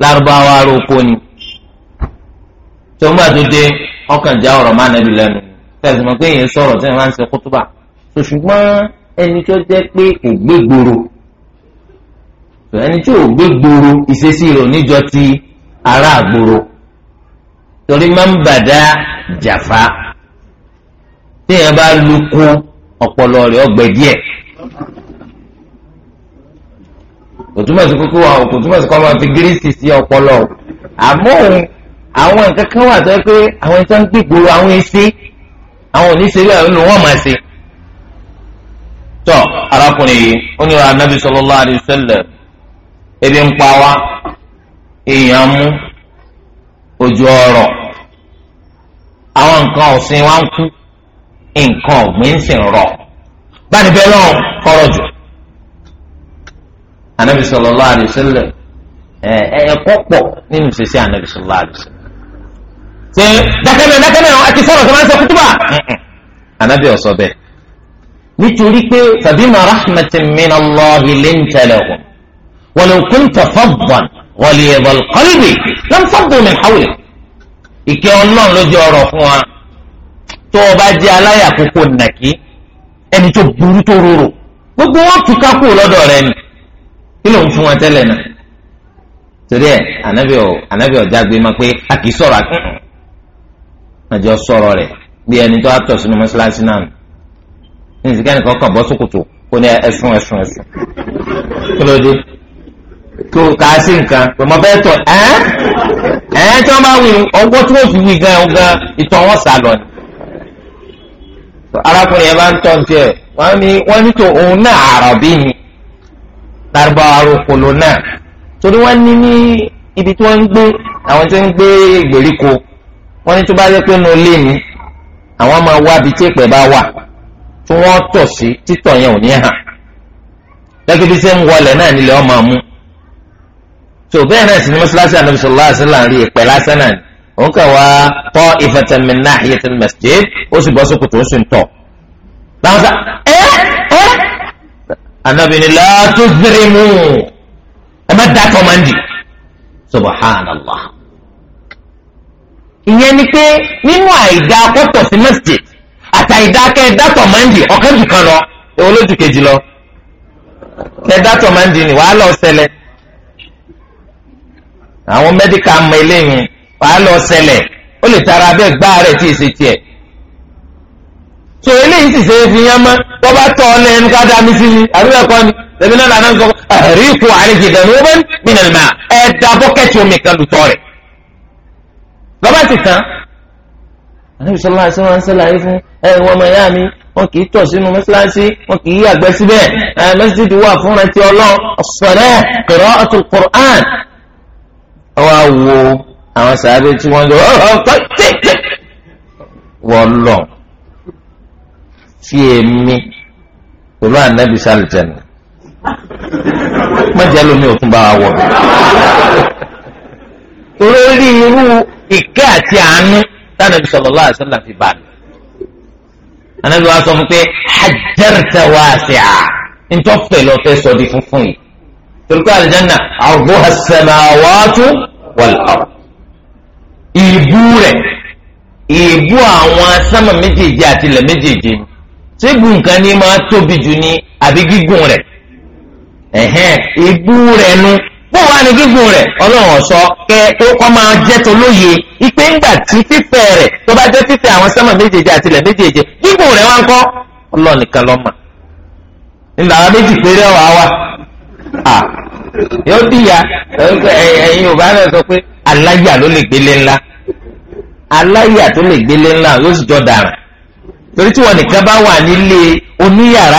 A: lárúbáwá roko ni tó ń gbà tó dé ọkàn já ọ̀rọ̀ má nàbí lẹ́nu tẹsán mọ̀ pé èyí sọ̀rọ̀ tí wọ́n máa ń ṣe kútùbà ṣùgbọ́n ẹni tó jẹ́ pé kò gbé gbòòrò ẹni tí gbé gbòòrò ìṣesí rẹ̀ níjọ ti ará àgbòòrò torí máa ń bàdá jàfa téèyàn bá lukú ọpọlọ rẹ̀ ọgbẹ́ díẹ̀ kò túmọ̀ sí kókó àwọn kò túmọ̀ sí kọ́ máa fi gírísì sí ọpọlọ àmọ́ òun àwọn nǹkan kan wà tó yẹ pé àwọn ẹ̀sán ń gbìgboro àwọn ẹ̀sìn àwọn oníṣẹ́lú àwọn ẹ̀sìn wọ́n máa ṣe tọ arákùnrin yìí ó ní anabi sallallahu alaihi wasallam ebi ń pa wá èèyàn mú ojú ọ̀rọ̀ àwọn nǹkan ọ̀sìn wa ń kú nǹkan ọ̀gbìn ń sìn rọ̀ báni bẹ́ẹ̀ náà kọ́rọ̀ jù. anabi sallallahu alaihi wasallam ẹ ẹ̀kọ́ pọ̀ nínú ìṣesí anabi sallallahu alaihi wasallam. ṣe dákẹ́mẹ̀ dákẹ́mẹ̀ wọn àti sọ̀rọ̀ sọ̀rọ̀ sọ̀rọ̀ kútùbà. anabi ọ̀sọ́ bẹ́ẹ̀ nítorí pé fabima rahmatin min allahi linta lahum walau kunta faddan ghalidha alqalbi lam faddu min hawlik ìkẹ́ ọlọ́run ló jẹ́ ọ̀rọ̀ fún wa tó o bá jẹ́ aláyà kókó nàkí ẹni tó burú tó rorò gbogbo wọn tún kákó lọ́dọ̀ rẹ ni kí ló ń fún wa tẹ́lẹ̀ náà torí ẹ anabi ọ anabi ọjà gbé ma pé a kì í sọ̀rọ̀ akẹ́kọ̀ọ́ àjọ sọ̀rọ̀ rẹ̀ bí ẹni tó àtọ̀ sínú mọ́ṣáláṣí náà ní ìsìnká nìkan kàn bọ́ sókòtò kó ní ẹ̀sùn ẹ̀sùn ẹ̀sùn kí ló dé kó kàá sí nǹkan pé mo tọ̀ ẹ́. ẹ̀ tí wọ́n bá wí ọgbọ́ tí wọ́n fi wí gan gan ìtàn wọn sà lọ ni. arákùnrin yẹn bá ń tọ́ tiẹ̀ wọ́n ní wọ́n ní tó òun náà àròbí ni lárúbáwá rokolo náà torí wọ́n ní ní ibi tí wọ́n ń gbé àwọn tí ń gbé ìgbèríko wọ́n ní tó bá yẹ pé ilé bá wà tí wọ́n tọ̀ sí títọ̀ yẹn ò ní hàn sẹ́ ń wọlé náà tó bẹ́ẹ̀ náà sì ni mọ́ṣáláṣí ànábì sallallahu alaihi wasallam rí ìpẹ́ lásán náà òun kàn wá tọ́ ìfẹ̀tẹ̀mí náà yẹ ti masjid ó sì bọ́ sókòtò ó sì ń tọ̀. láwọn sá ẹ ẹ ànábì ni la tuzrimu ẹ má dá kọ́mándì subhanallah. ìyẹn ni pé nínú àìdá akọ́tọ̀ sí masjid àtàìdákẹ́ dátọ̀ máa ń di ọ̀kan jù kan lọ ewo kejì lọ kẹ́ dátọ̀ máa ń di ni wàá lọ ṣẹlẹ̀ àwọn mẹ́díkà mọ eléyìí wàá lọ ṣẹlẹ̀ ó lè tara bẹ́ẹ̀ gbá rẹ̀ tí ì ṣe tiẹ̀. so eléyìí sì ṣe é fi yán mọ́ tó bá tọ́ ọ lẹ́nu ká dá mi sí ni àbúrò ẹ̀kọ́ ni tẹ̀mí náà nàá sọ rí ikú àríkì ìdánwò bẹ́ẹ̀ mìíràn máa ẹ̀ da bọ́kẹ́tì omi kan lùtọ́ rẹ̀. lọ́ba ti tán àníbi sọlá àti wọn ṣàlàyé fún ẹ wọn ọmọ ìyá mi wọn kì í tọ̀ sínú mọ́ṣáláṣí wọn kì í yàgbẹ́ síbẹ̀ ẹ mẹ́sídìí wà fúnra ti ọlọ́ ọ̀sọ̀rẹ́ qira'atul Qur'an ọwọ́ wo àwọn sàbẹ̀ tí wọ́n lọ ọ̀hún oh, oh, tètè wọ́n lọ fi èmi pẹ̀lú ànábì sálìtẹ̀nì mọ̀jẹ́ lómi ò tún bá wa wọ̀ bẹ̀. torí orí irú ìkẹ́ àti àánú tánàbí sallallahu alaihi wasallam fi bá mi. ànábì wa sọ fún pé hajjarta wasi'a ntọ́fẹ̀ lọ́fẹ́ sọ di funfun yìí torí pé àlùjánnà àwòbóhà sẹ̀máwáátú wàlúwàlú. ìbú rẹ̀ ìbú àwọn sámà méjèèjì àti ilẹ̀ méjèèjì ni ṣégun nǹkan ní máa tóbi jù ní àbí gígùn rẹ̀ ẹ̀hẹ́n ìbú rẹ̀ nu bóun wá ní gígùn rẹ̀ ọlọ́run ọ̀ṣọ́ kẹ kó kọ́ máa jẹ́ tó lóye ipe ńgbà tí fífẹ̀ rẹ̀ tó bá jẹ́ fífẹ̀ àwọn sámà méjèèjì àti ilẹ̀ méjèèjì gígùn rẹ̀ wá ń kọ́ ọlọ́run nìkan lọ́mọ. ńlá méjì péré ọ̀ à ah. yóò dìyà ẹ̀yin ò bá rẹ̀ sọ pé aláyà ló lè gbélé ńlá aláyà tó lè gbélé ńlá yóò sì jọ dàrán torí tí wọn nìkan bá wà nílé oníyàrá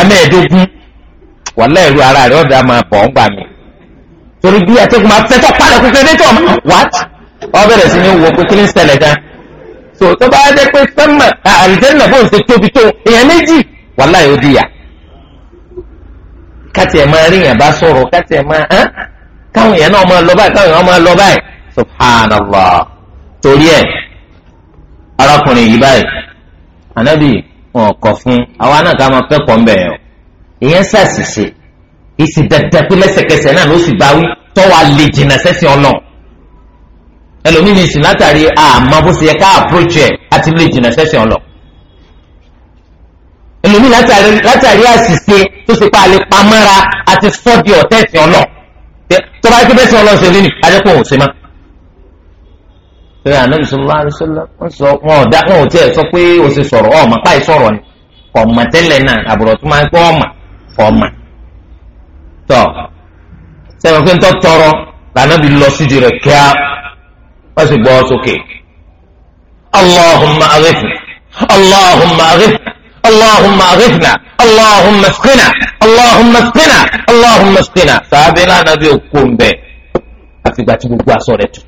A: ara máa gbà mí torí bí máa sí wo pé kí ni gan so tó bá dé pé bó ń ṣe tóbi tó méjì dìyà káti ẹ̀ máa rí yẹn bá sọ̀rọ̀ káti ẹ̀ máa hàn káwọn yẹn náà máa lọ báyìí káwọn yẹn máa lọ báyìí subhanallah torí ẹ̀ arákùnrin yìí báyìí ànábì wọn kọ fún àwa náà ká máa kẹ́kọ̀ọ́ mbẹ̀ yẹn o ìyẹn ṣàṣìṣe ìsì dandan pé lẹ́sẹ̀kẹsẹ̀ náà ló sì báwí tọ́wọ́ alẹ́ jìnnà sẹ́sìn ọ̀nà ẹlòmíì ní látàrí àmọ́ bó ṣe yẹ ká àpúròjì ẹ̀ àti lè jìnnà sẹ́sìn ọ̀nà ẹlòmíì látàrí àṣìṣe tó ṣe pa àlè pamọ́ra àti sọ́ọ̀dì ọ̀tẹ́sìn ọ̀nà tó bá gbé bẹ́sẹ̀ ọlọ́sẹ̀ lé ní adẹ́pọ̀ òun ṣe má. bẹ́ẹ̀ ànábì sallallahu alaihi wasallam wọ́n sọ wọn ò dá wọn ò tiẹ̀ sọ pé o ṣe sọ̀rọ̀ ọ̀mà páì sọ̀rọ̀ ni ọ̀mà tẹ́lẹ̀ náà àbùrọ̀ tó máa ń pẹ́ ọ̀mà fọ̀ọ̀mà. tọ́ sẹ́wọ̀n pé ń tọ́ tọrọ lànàbì lọ sídìí rẹ̀ kíá wọ́n sì gbọ́ sókè. allahumma aghithna allahumma aghithna اللهم اغثنا اللهم اسقنا اللهم اسقنا اللهم اسقنا sàábẹ́ lánàá bí òkú ń bẹ àfìgbà tí gbogbo aṣọ rẹ̀ tutù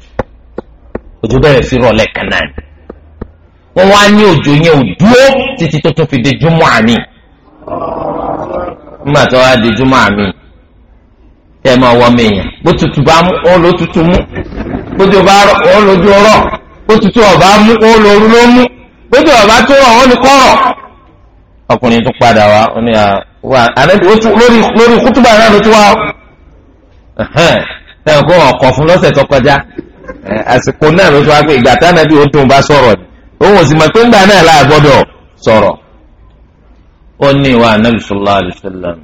A: òjò bẹ̀rẹ̀ sí rọ̀ lẹ́ẹ̀kan náà wọ́n wá ní òjò yẹn ò dúró títí tó tún fi di júmọ́ àmì nígbà tó wá di júmọ́ àmì tẹ́ ẹ ọkùnrin tún padà wá ó ní àwọn àdébí lórí lórí kútùbà náà ló tún wá ẹ̀ kó ọkọ̀ fún lọ́sẹ̀ tó kọjá àsìkò náà ló tún wá pé ìgbà táwọn ẹbí ó tún bá sọ̀rọ̀ ni òun ò sì mọ̀ pé ńgbà náà láà gbọ́dọ̀ sọ̀rọ̀ ó ní ìwà ànábì sallallahu alaihi wasallam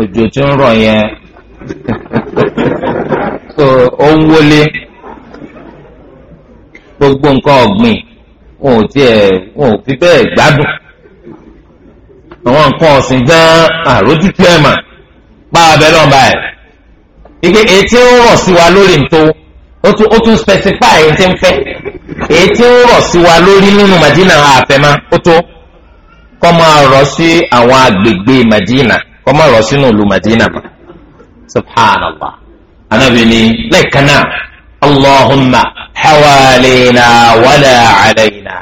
A: òjò tí ń rọ̀ yẹn [laughs] so ó ń wọlé gbogbo nǹkan ọ̀gbìn wọn ò tiẹ̀ wọn ò fi bẹ́ẹ̀ gbádùn àwọn nǹkan ọ̀sìn gan-an àròjútì ẹ̀ mà ọba ẹ̀ ike èyí tí ń rọ̀ sí wa lórí ntó ó tún specify èyí tí ń fẹ́ èyí wa lórí nínú Madina àfẹ́má ó tó kọ́ máa rọ̀ sí Madina kọ́ máa rọ̀ sínú ìlú Madina anabi ni lẹ́ẹ̀kan náà allahumma hawalina wala alayna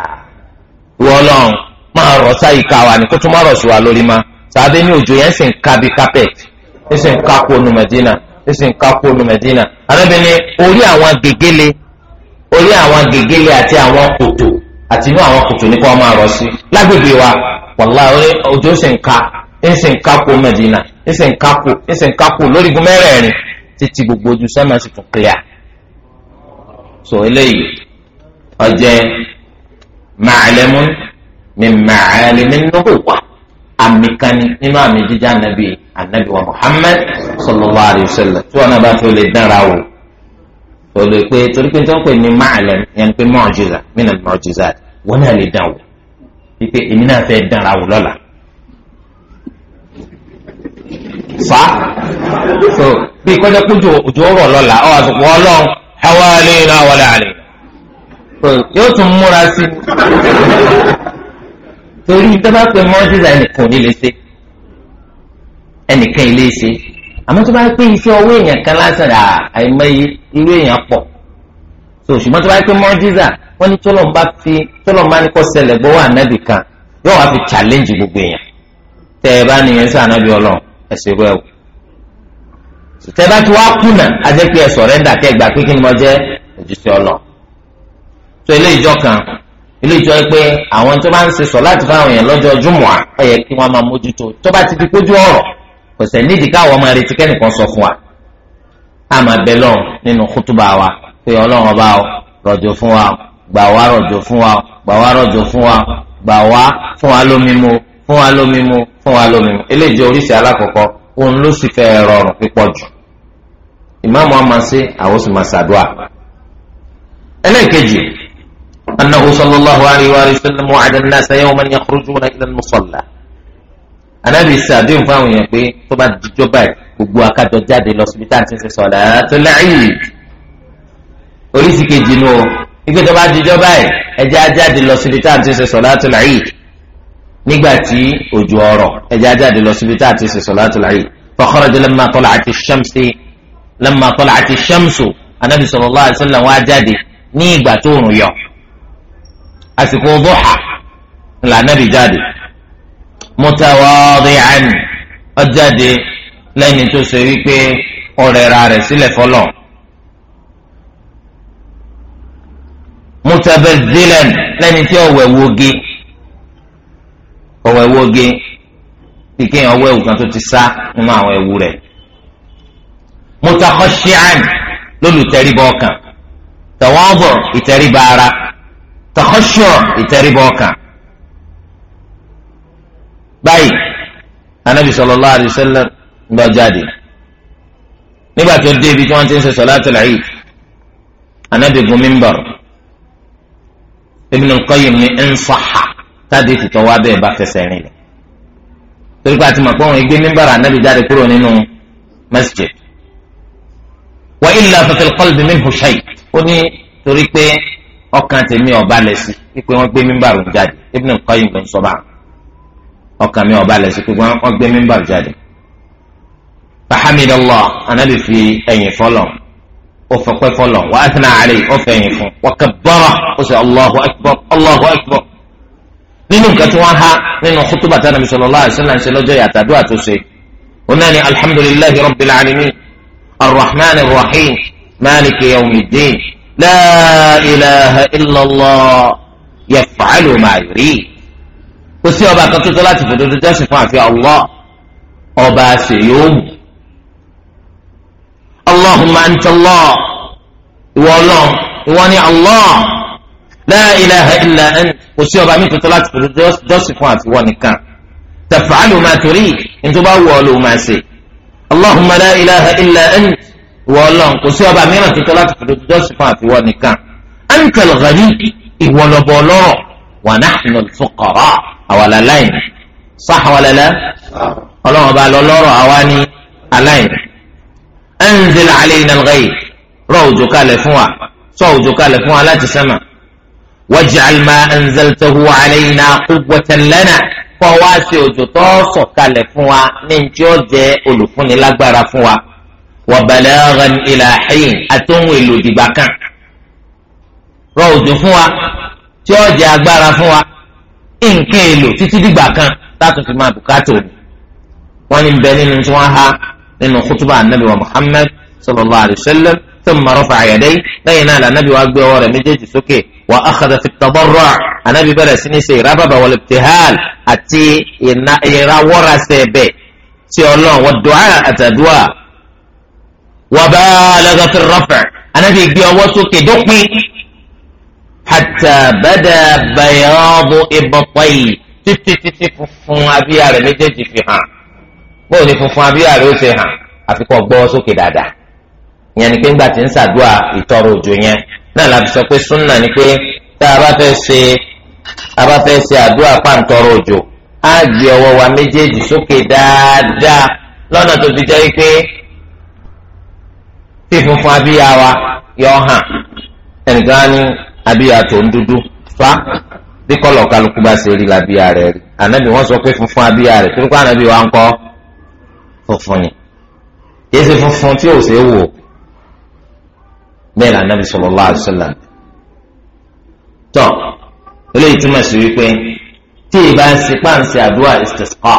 A: máa rọ̀ sáyìíká wa ni kó tún máa rọ̀ sí wa lórí ma sàbẹ̀ ní òjò yẹn sì ń ka bí kápẹ́ẹ̀tì ó sì ń ká kóonu Mẹ́dínà ó sì ń ká kóonu Mẹ́dínà arábìnrin orí àwọn gègéle orí àwọn gègéle àti àwọn kòtò àti inú àwọn kòtò ní kó máa rọ̀ sí lágbègbè wa wàlá òjò sì ń ka ń sì ń ká kó Mẹ́dínà ń sì ń ká kó ń sì ń ká kó lórí igun mẹ́rẹ̀ẹ̀rin títí gbogbo ojú sẹ́mà sì tún clear so eléyìí ọjẹ́ màálẹ́mú min ma'alimi nubuwwah àmì kan ní nínú àmì jíjá nàbí ànàbí wa Muhammad sallallahu alayhi wa sallam tí wọn náà bá tó lè dára o tó lè pé torí pé tó ń pè ní ma'alim yẹn pé mu'jiza min al-mu'jizat wọn náà lè dán o wípé èmi náà fẹ́ dára o lọ́la. fa so bí kọjá kójú òjò rọ̀ lọ́la ọ̀ àtùkù ọlọ́run hawalina wala alina yóò tún múra sí torí tọ́ba pé mọ́sísà ẹnìkan ò ní lè ṣe ẹnìkan ilé ṣe àmọ́ tó bá pé iṣẹ́ ọwọ́ èèyàn kan lásán à àìmọye irú èèyàn pọ̀ so ṣùgbọ́n tó bá pé mọ́sísà wọ́n ní tọ́lọ́mbà fi tọ́lọ́mbà ní kọ́ ṣẹlẹ̀ gbọ́wọ́ ànábì kan yóò wá fi challenge gbogbo èèyàn tẹ́ ẹ bá nìyẹn sí ànábì ọlọ́run ẹ̀sìn rẹ̀ o tẹ́ ẹ bá ti wá kùnà ajẹ́ pé ẹ sọ̀rẹ́ńdà kẹ́ gbà pé kí ni mo jẹ́ òjíṣẹ́ ọlọ́run so eléyìí jọ kan ilé ìjọ yìí pé àwọn tó bá ń ṣe sọ láti fáwọn èèyàn lọ́jọ́ júmọ̀ à ó yẹ kí wọ́n máa mójútó tó bá ti di kójú ọ̀rọ̀ kò sẹ̀ nídìí káwọn ọmọ retí kẹ́nìkan sọ fún wa á máa bẹ lọ́run nínú kútùbà wa pé ọlọ́run ọba ọ rọ̀jò fún wa gbà wá rọ̀jò fún wa gbà wá rọ̀jò fún wa gbà wá fún wa lómi mu fún wa lómi mu fún wa lómi mu ilé ìjọ oríṣi alákọ̀ọ́kọ́ òun ló sì fẹ́ rọrùn أنه صلى الله عليه وآله وسلم وعد الناس يوما يخرجون إلى المصلى anabi sàdéhùn fáwọn èèyàn pé tó bá dijọ́ báyìí gbogbo akájọ jáde lọ síbi tá à ń ti ṣe sọ̀lá tó láàyè oríṣi kejì nu o ibi tó bá dijọ́ báyìí ẹjẹ́ ajáde lọ síbi tá à ń ti ṣe sọ̀lá tó láàyè nígbà tí òjò ọ̀rọ̀ ẹjẹ́ ajáde lọ síbi tá ń ṣe sọ̀lá tó láàyè fọkànlélẹ́ lẹ́mọ̀ àtọ́lá àti ṣẹ́mṣe lẹ́mọ̀ àtọ́lá àti ṣẹ́mṣo anabi sallallahu alaihi wasallam wá jáde ní ìgbà tó òrùn yọ àsìkò bọ́hà lànàbì jáde mutawadi'an ọjáde lẹ́ni tó ṣe wípé ọ̀rẹ́ ra rẹ̀ sílẹ̀ fọlọ́ mutabadhilan lẹ́ni tí ọ̀wẹ̀ woge ọ̀wẹ̀ woge bí kéèyàn ọwọ́ ẹ̀wù kan tó ti sá nínú àwọn ẹ̀wù rẹ̀ mutakhashi'an lólùtẹ̀ríbọ̀ ọkàn tawadu ìtẹ̀ríbà ara tọkọṣọ ìtẹríbọ ọkàn báyìí anabi sallallahu alaihi wasallam lọ jáde nígbà tó dé ibi tí wọn ti ń ṣe salatul Eid anabi gun mímbà Ibn al-Qayyim ní ń sọhà táde tìtọ wá bẹ́ẹ̀ bá fẹsẹ̀ rìn lọ torí pé àti màpọ̀ wọn gbé mímbà anabi jáde kúrò nínú masjid wa illa fa fil qalbi minhu shay ó ní torí pé ọkàn tèmi ọba lẹsí pípé wọn gbé mímbàrún jáde Ibn Qayyim ló ń sọ báà ọkàn mi ọba lẹsí pípé wọn gbé mímbàrún jáde. fahamidallah anabi fi ẹ̀yìn fọlọ ó fọpẹ́ fọlọ wa athna alayhi ó fẹ̀yìn fún wa kabbara ó sọ Allahu akbar Allahu akbar nínú nǹkan tí wọn há nínú kútùbà tí anabi sallallahu alaihi wasallam ṣe lọ́jọ́ yàtàdó àtúnṣe onáni alhamdulillahi rabbil alamin
B: arrahmanir rahim
A: maliki yawmiddin la ilaha illallah yaf'alu ma yurid kò sí ọba kan tuntun láti fòdodo jọ́sìn fún àfi Allah ọba àṣẹ yóò mú Allahumma anta Allah ìwọ ọlọ́run ìwọ ni Allah la ilaha illa ant kò sí ọba mi tuntun láti fòdodo jọ́sìn fún àfi wọ́n nìkan taf'alu ma turid nítorí bá wù ọ́ ló máa ṣe Allahumma la ilaha illa ant ìwọ ọlọ́run kò sí ọba mìíràn tuntun láti fi dojú dọ́sí fún àfiwọ́ nìkan antal ghani ìwọ lọ́bọ ọlọ́rọ̀ wà nahnu al-fuqara àwàlà aláìní sáhàwàlẹ́lẹ́ ọlọ́run ọba lọ́lọ́rọ̀ àwa ni aláìní. anzil alayna al rọ òjò kalẹ̀ fún wa sọ òjò kalẹ̀ fún wa láti sẹ́mà waj'al ma anzaltahu alayna quwwatan lana kọ́ wá sí òjò tó sọ̀kalẹ̀ fún wa ní njẹ́ ọ̀jẹ̀ olùfúnni lágbára fún wa wa balaghan ila hin àti ohun èlò ìdìgbà kan rọ òjò fún wa tí ó jẹ agbára fún wa nǹkan èlò títí dìgbà kan láti fi máa bùkátà òní wọn ni bẹ nínú tí wọn ha nínú kútúbà anabi wa Muhammad sallallahu alayhi wa sallam thumma rafa'a yadayhi lẹ́yìn náà la anabi wa gbé ọwọ́ rẹ̀ méjèèjì sókè wa akhadha fi tadarru' anabi bẹ̀rẹ̀ sí ní ṣe ìrábàbà wal ibtihal àti ìrawọ́rasẹ̀ bẹ̀ tí Ọlọ́run wọ́n dùn àtàdúrà وبالغ في الرفع أنا في بيوسك دقي حتى بدا بياض إبطي títí títí funfun abíyá rẹ̀ méjèèjì fi hàn bóò ní funfun abíyá rẹ̀ ó ṣe hàn àfi kó gbọ́ sókè dáadáa ìyẹn ni pé ńgbà tí ń ṣàdúrà ìtọrọ òjò yẹn náà làbí sọ pé súnà ni pé tá a bá fẹ́ ṣe a bá fẹ́ ṣe àdúrà pàǹtọrọ òjò á gbé ọwọ́ wa méjèèjì sókè dáadáa lọ́nà tó fi jẹ́ wípé tí funfun abíyá wa yọ hàn ẹnìkan ní abíyá tó ń dúdú fa bí kọlọ kálukú bá ṣe rí labíyá rẹ rí anabi wọn sọ pé funfun abíyá rẹ torí pé ànábì wa ń kọ funfun ni ṣe funfun tí ò ṣe wò bẹ́ẹ̀ ni ànábì sallallahu alaihi wasallam tọ́ eléyìí túmọ̀ sí wípé tí ì bá ń ṣe páǹsì àdúrà istisqa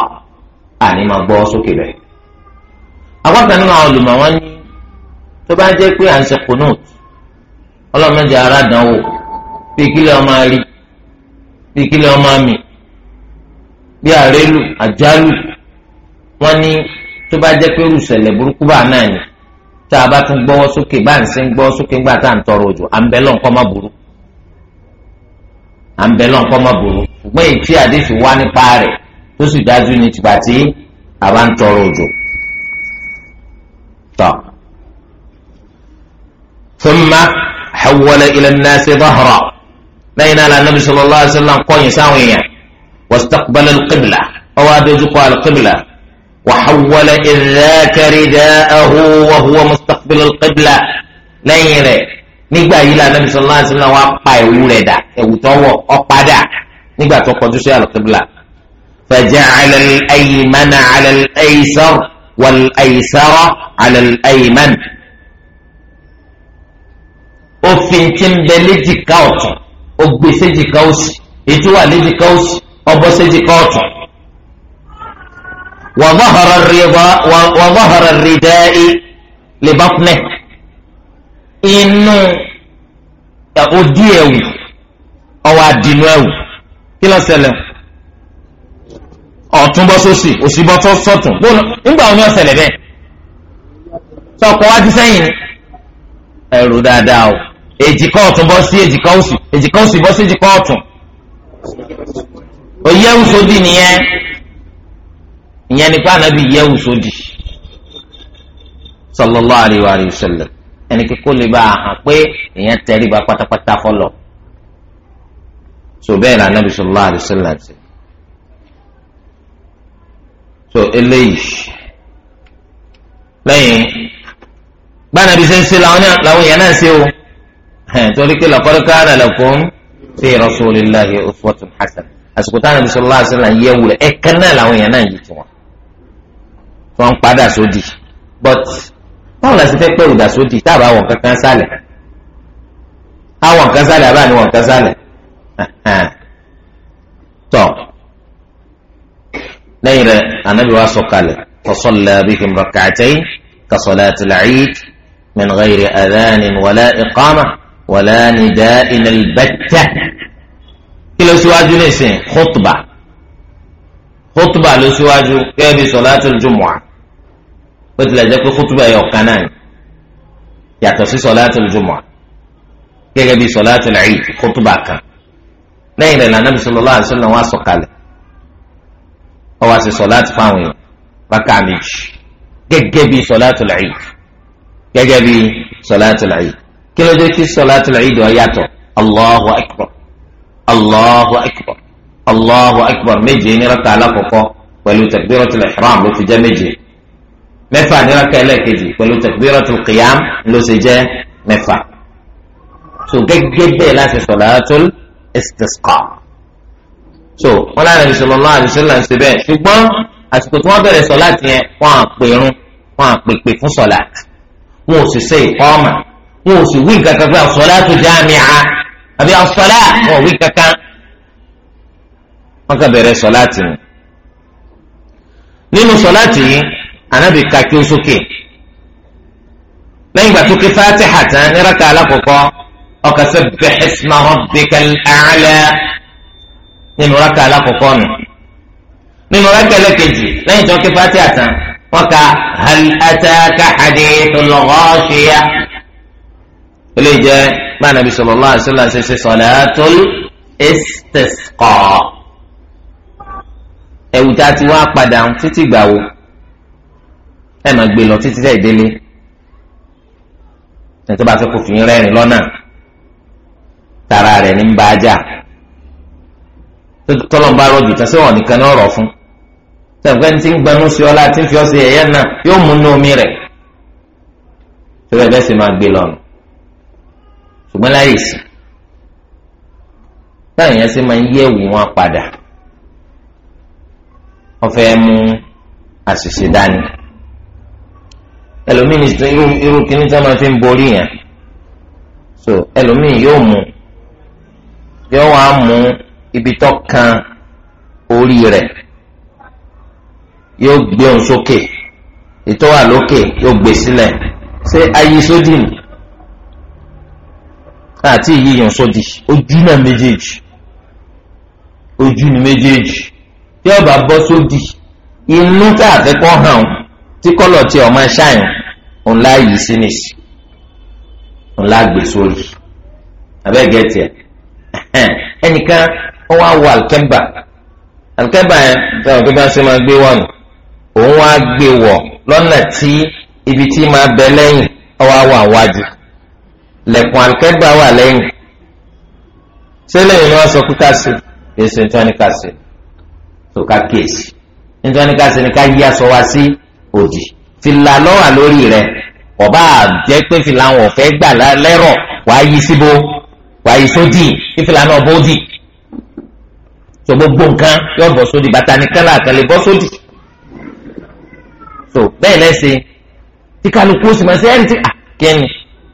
A: àní máa gbọ́ sókè rẹ̀. tó bá jẹ́ pé à ń ṣe kùnúùt ọlọ́mọdé aládánwò bí kílẹ̀ ọmọ rí bí kílẹ̀ ọmọ mi bí àrélù àjálù wọ́n ní tó bá jẹ́ pé rùsẹ̀lẹ̀ burúkú bá náà ni tá a bá tún gbọ́wọ́ sókè bá ń sìn gbọ́wọ́ sókè ńgbà tá à ń tọrọ òjò à ń bẹ lọ́nkọ́ má burú à ń bẹ lọ́nkọ́ má burú ṣùgbọ́n èyí tí wá nípa rẹ̀ tó sì dájú ní tìgbà tí a bá ń tọrọ òjò. tọ́ ثم حول إلى الناس ظهرا بين على النبي صلى الله عليه وسلم قوي ساويا واستقبل القبلة أوادزق القبلة وحول إذ ذاك رداءه وهو مستقبل القبلة لين nígbà إلى النبي صلى الله عليه وسلم وقع ولد ẹ̀wù rẹ̀ dà ẹ̀wù tó wọ̀ فجعل الأيمن على الأيسر والأيسر على الأيمن òfin ti ń bẹ léjìká ọ̀tún ó gbé séjìká òsì ètò wà léjìká òsì ọbọ séjìká ọ̀tún. wa zahara ridai li batnihi inú òdì ẹ̀wù ọwọ́ àdínú ẹ̀wù kí ló ṣẹlẹ̀ ọ̀tún bọ́ sósì òsì bọ́ sọ́tún nígbà wọn ni ó ṣẹlẹ̀ bẹ́ẹ̀ sọkọ wájú sẹ́yìn ẹ̀rù dáadáa o èjìká ọ̀tún bọ́ sí èjìká òsì èjìká òsì bọ́ sí èjìká ọ̀tún ó yẹ̀wù sódì nìyẹn ìyẹn nípa ànábì yẹ̀wù sódì sallallahu alayhi wa sallam ẹni kíkó lè bá a hàn pé ìyẹn tẹríba pátápátá fọlọ so bẹ́ẹ̀ ni ànábì sallallahu alayhi wa ti so eléyìí lẹ́yìn gbanabi ṣe làwọn yẹn náà ṣe o. torí pé laqad kana lakum fi rasulillahi uswatun hasana àsìkò táwọn Ànábì sallallahu alaihi wasallam yẹ wúlẹ̀ ẹ̀ka náà làwọn èèyàn náà yìí tiwọn tí wọ́n padà sódì but báwo la sì fẹ́ pẹ́ òdà sódì táàbà wọn kankan sálẹ̀ àwọn kan sálẹ̀ àbá ni wọn kan sálẹ̀ tọ́ lẹ́yìn rẹ̀ Ànábì wa sọ̀kalẹ̀ fa salla bihim rak'atayn ka salatil min ghayri adhanin wala iqamah. wala nidaa ilal batta kí ló síwájú nísìn khutba khutba ló síwájú gẹ́gẹ́ bí sọláàtì jùmọ̀à ó tilẹ̀ jẹ́ pé khutba yọ kan náà yàtọ̀ sí sọláàtì jùmọ̀à gẹ́gẹ́ bí sọláàtì Eid khutba kan lẹ́yìn rẹ̀ lànà bisalòlá àṣìlẹ̀ wọn sọ̀kalẹ̀ ó wá sí sọláàtì fáwọn èèyàn bákà méjì gẹ́gẹ́ bí sọláàtì Eid gẹ́gẹ́ bí sọláàtì Eid kí ló dé kí sọláàtì lẹ́yìndò ọ̀yàtọ̀ allahu akbar allahu akbar allahu akbar méje níraka alákọ̀ọ́kọ́ pẹ̀lú takbiratul ihram ló ti jẹ́ méje mẹ́fà níraka ẹlẹ́ẹ̀kejì pẹ̀lú takbiratul qiyam ló ti jẹ́ mẹ́fà so gẹ́gẹ́ bẹ́ẹ̀ láti sọláàtì istisqa so wọn lára ẹni sọlọ náà àdìsí là ń ṣe bẹ́ẹ̀ ṣùgbọ́n àsìkò tí wọ́n bẹ̀rẹ̀ sọláàtì yẹn wọ́n àpèrún fún sọláàtì wọn ò sì ṣe ìkọ́ ọ̀mà wọn ò sì wí kankan pé as-salatu jami'a àbí as-salat wọn ò wí kankan wọn kà bẹ̀rẹ̀ sọláàtì ni nínú sọláàtì yìí anábì ka kí ó sókè lẹ́yìn ìgbà tó ké fatiha tán ní rákà alákọ̀ọ́kọ́ ó ka sabbih isma rabbikal a'la nínú rákà alákọ̀ọ́kọ́ nù nínú rákà ẹlẹ́kejì lẹ́yìn tó ké fatiha tán wọ́n ka hal ataka hadithul ghashiya ilé jẹ́ máa nàbí sallallahu alaihi wasallam ṣe salatul istisqa ẹ̀wù tá a ti wá padà títí gbà wo ẹ̀ máa gbé lọ títí tẹ̀ délé nítorí bá fẹ́ kó fi rẹ́rìn lọ́nà tara rẹ̀ ní bá a jà tọ́lọ̀ ń bá rọ̀jù tán wọn nìkan náà rọ̀ fún tẹ̀gbẹ́ ti ń gbanú sí ọlá tí fi ọ́ sí ẹ̀yẹ́ náà yóò mú inú omi rẹ̀ tẹ́lẹ̀ bẹ́ẹ̀ sì máa gbé lọ́nà ṣùgbọ́n láyè sí báyìí yẹn ṣe máa ń yẹ̀ wò wọn padà wọ́n fẹ́ mú àṣìṣe dání ẹlòmíì irú kíní tí wọ́n máa fi ń borí yẹn so ẹlòmíì yóò mú yóò wá mú ibi tó kan orí rẹ̀ yóò gbé òun sókè ètò wà lókè yóò gbé sílẹ̀ ṣé ayé sódì ni àti ìyíyan sódì ojú náà méjèèjì ojú ni méjèèjì tí ọba bọ́ sódì inú tá a fẹ́ kọ́ hàn tí kọ́lọ̀ tí ọmọ ṣáàyàn ńlá yìí sí nìsí ńlá gbé sórí abẹ́gẹ́ tiẹ̀ [laughs] ẹnìkan ó wá wọ alkemba alkemba yẹn táwọn pípa ṣe máa gbé wọnù òun wá gbé wọ lọ́nà tí ibi tí máa bẹ lẹ́yìn ó wá wọ àwájú lẹ̀kùn àlùkẹ́gbà wà lẹ́yìn ṣé lẹ́yìn ni wọ́n sọ kú káṣí èsì nítorí ní káṣí tó ká kíyèsí nítorí ní káṣí ni ká yí aṣọ wa sí òdì fìlà lọ́wà lórí rẹ̀ ọba àjẹ́ pé fìlà wọn fẹ́ gbà lẹ́rọ̀ wàá yí síbo wàá yí sódì fìlà náà bódì tó gbogbo nǹkan yóò bọ́ sódì bàtà nìkan làkàn lè bọ́ sódì tó bẹ́ẹ̀ lẹ́sìn tí kálukú sì máa ṣe ẹ́rì tí à ah, kẹ́ni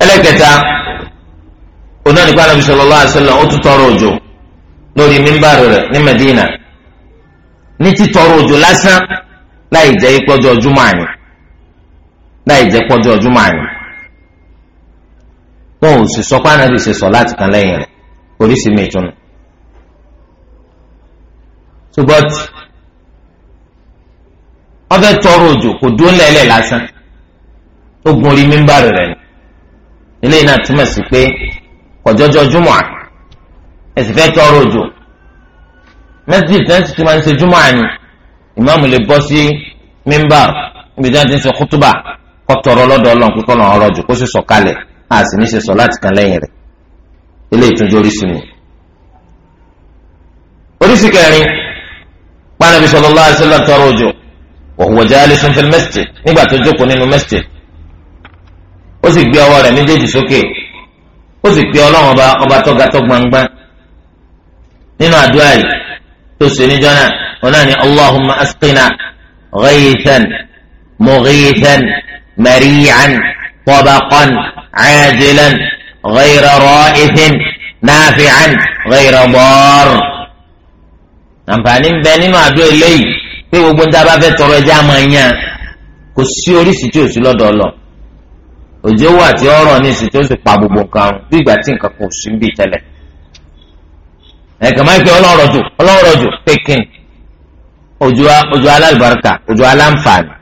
A: ẹlẹ́kẹta onáà nípa Ànábì sallallahu alaihi wasallam ó tún tọrọ òjò lórí mímbàrú rẹ̀ ní Medina ní títọrọ òjò lásán láì jẹ́ ìpọ́jọ́ ọdúnmọ́ àná láì jẹ́ pọ́jọ́ ọdúnmọ́ àná wọn ò sì sọ pé Ànábì ṣe sọ láti kan lẹ́yìn rẹ̀ oríṣi mi ìtúnu ṣùgbọ́n wọ́n tọrọ òjò kò dúró lẹ́lẹ̀ lásán ó gun orí mímbàrú rẹ̀ ni eléyìí náà túmọ̀ sí pé kọjọ́jọ́ júmọ̀ à ẹ̀sìn fẹ́ tọrọ òjò mẹ́sìdì tí wọ́n ti máa ń ṣe júmọ̀ àní ìmáàmù lè bọ́ sí mímbà níbi tí wọ́n ti ń ṣe kútúbà kọ́ tọrọ lọ́dọ̀ ọlọ́run pé kọ́nà ọrọ̀ òjò kó sì sọ kalẹ̀ á sì ní ṣe sọ láti kan lẹ́yìn rẹ̀ eléyìí tún jórí sí mi. oríṣi kẹrin pàànàbí sallallahu alaihi wasallam tọrọ òjò wa huwa jalisun fil masjid nígbà tó jókòó nínú masjid ó sì gbé ọwọ́ rẹ̀ méjèèjì sókè ó sì pe ọlọ́run ọba ọba tọ́ga tó gbangba nínú àdúrà yìí tó ṣe níjọ́ náà wọn náà ní allahumma asqina ghaythan mughithan mari'an tabaqan ajilan ghayra ra'ithin nafi'an ghayra dar. àǹfààní ń bẹ nínú àdúrà eléyìí pé gbogbo ń dábàá fẹ́ tọrọ ẹja máa ń kò sí oríṣi tí ò sí lọ́dọ̀ òjò wà tí ọ̀rọ̀ ní ìsìn tó sì pa gbogbo nǹkan ọ̀run bí ìgbà tí nǹkan kò sí bí tẹ́lẹ̀ ẹ̀kẹ́ máa ń pe ọlọ́rọ̀ jù ọlọ́rọ̀ jù pékin òjò òjò alálùbáríkà òjò aláǹfààní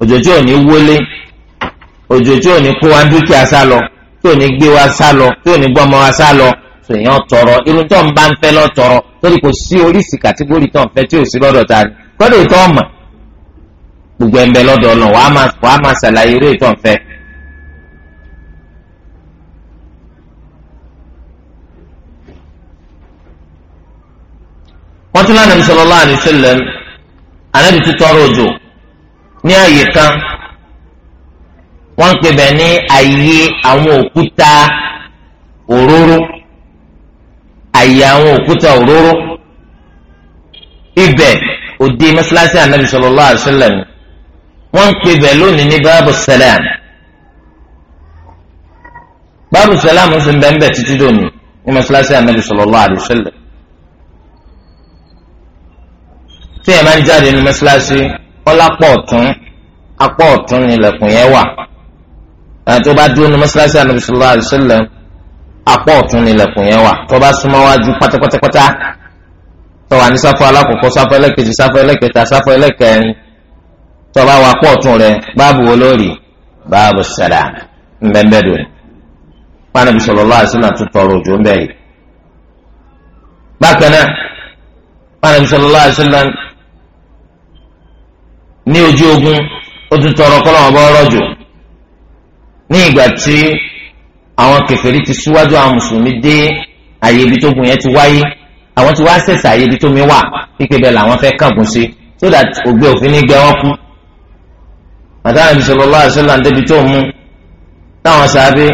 A: òjò tí ò ní wọlé òjò tí ò ní kó wa dúkìá sá lọ tí ò ní gbé wa sá lọ tí ò ní gbọ́mọ wa sá lọ tó èèyàn tọrọ tó ń bá ń fẹ́ lọ tọrọ gbogbo ẹ̀ ń bẹ lọ́dọ̀ wàá máa ṣàlàyé wọ́n tún lánàá sallallahu alaihi wasallam ànábì tún tọrọ òjò ní àyè kan wọ́n ń pè bẹ̀ ní àyè àwọn òkúta òróró àyè àwọn òkúta òróró ibẹ̀ òde mọ́sálásí ànábì sallallahu alaihi wasallam ń pè lónìí ní báàbù sàlám báàbù sàlám ń sìn bẹ́ẹ̀ bẹ́ẹ̀ títí dòní ní mọ́sálásí ànábì sallallahu alaihi tí ẹ̀ máa ń jáde ní mọ́ṣáláṣí kọ́lá pọ̀ ọ̀tún apọ̀ ọ̀tún ni ilẹ̀kùn yẹn wà àti tó bá dúró ní mọ́ṣáláṣí Ànábì sallallahu alaihi wasallam apọ̀ ọ̀tún ni ilẹ̀kùn yẹn wà tó bá súnmọ́ wájú pátápátápátá tó wà ní sáfọ́ alákọ̀ọ́kọ́ sáfọ́ ẹlẹ́kejì sáfọ́ ẹlẹ́kẹta sáfọ́ ẹlẹ́kẹrin tó bá wà apọ̀ ọ̀tún rẹ báàbù wo báàbù sàlám mbẹ́mbẹ́dùn Ànábì sallallahu tó tọrọ ní ojú ogun ó tún tọrọ kọ́ lọ́wọ́ bọ́ rọ̀jò ní ìgbà tí àwọn kèfèrí ti síwájú àwọn mùsùlùmí dé àyè ibi tó gun yẹn ti wáyé àwọn ti wá sẹ̀sẹ̀ àyè ibi tó mi wà pípé bẹ́ẹ̀ làwọn fẹ́ kàgùn sí so that ògbé òfin ní gbẹ wọn kú àtàwọn ibi sọlọ lọ́wọ́ àṣọlá débi tó mú táwọn sàábé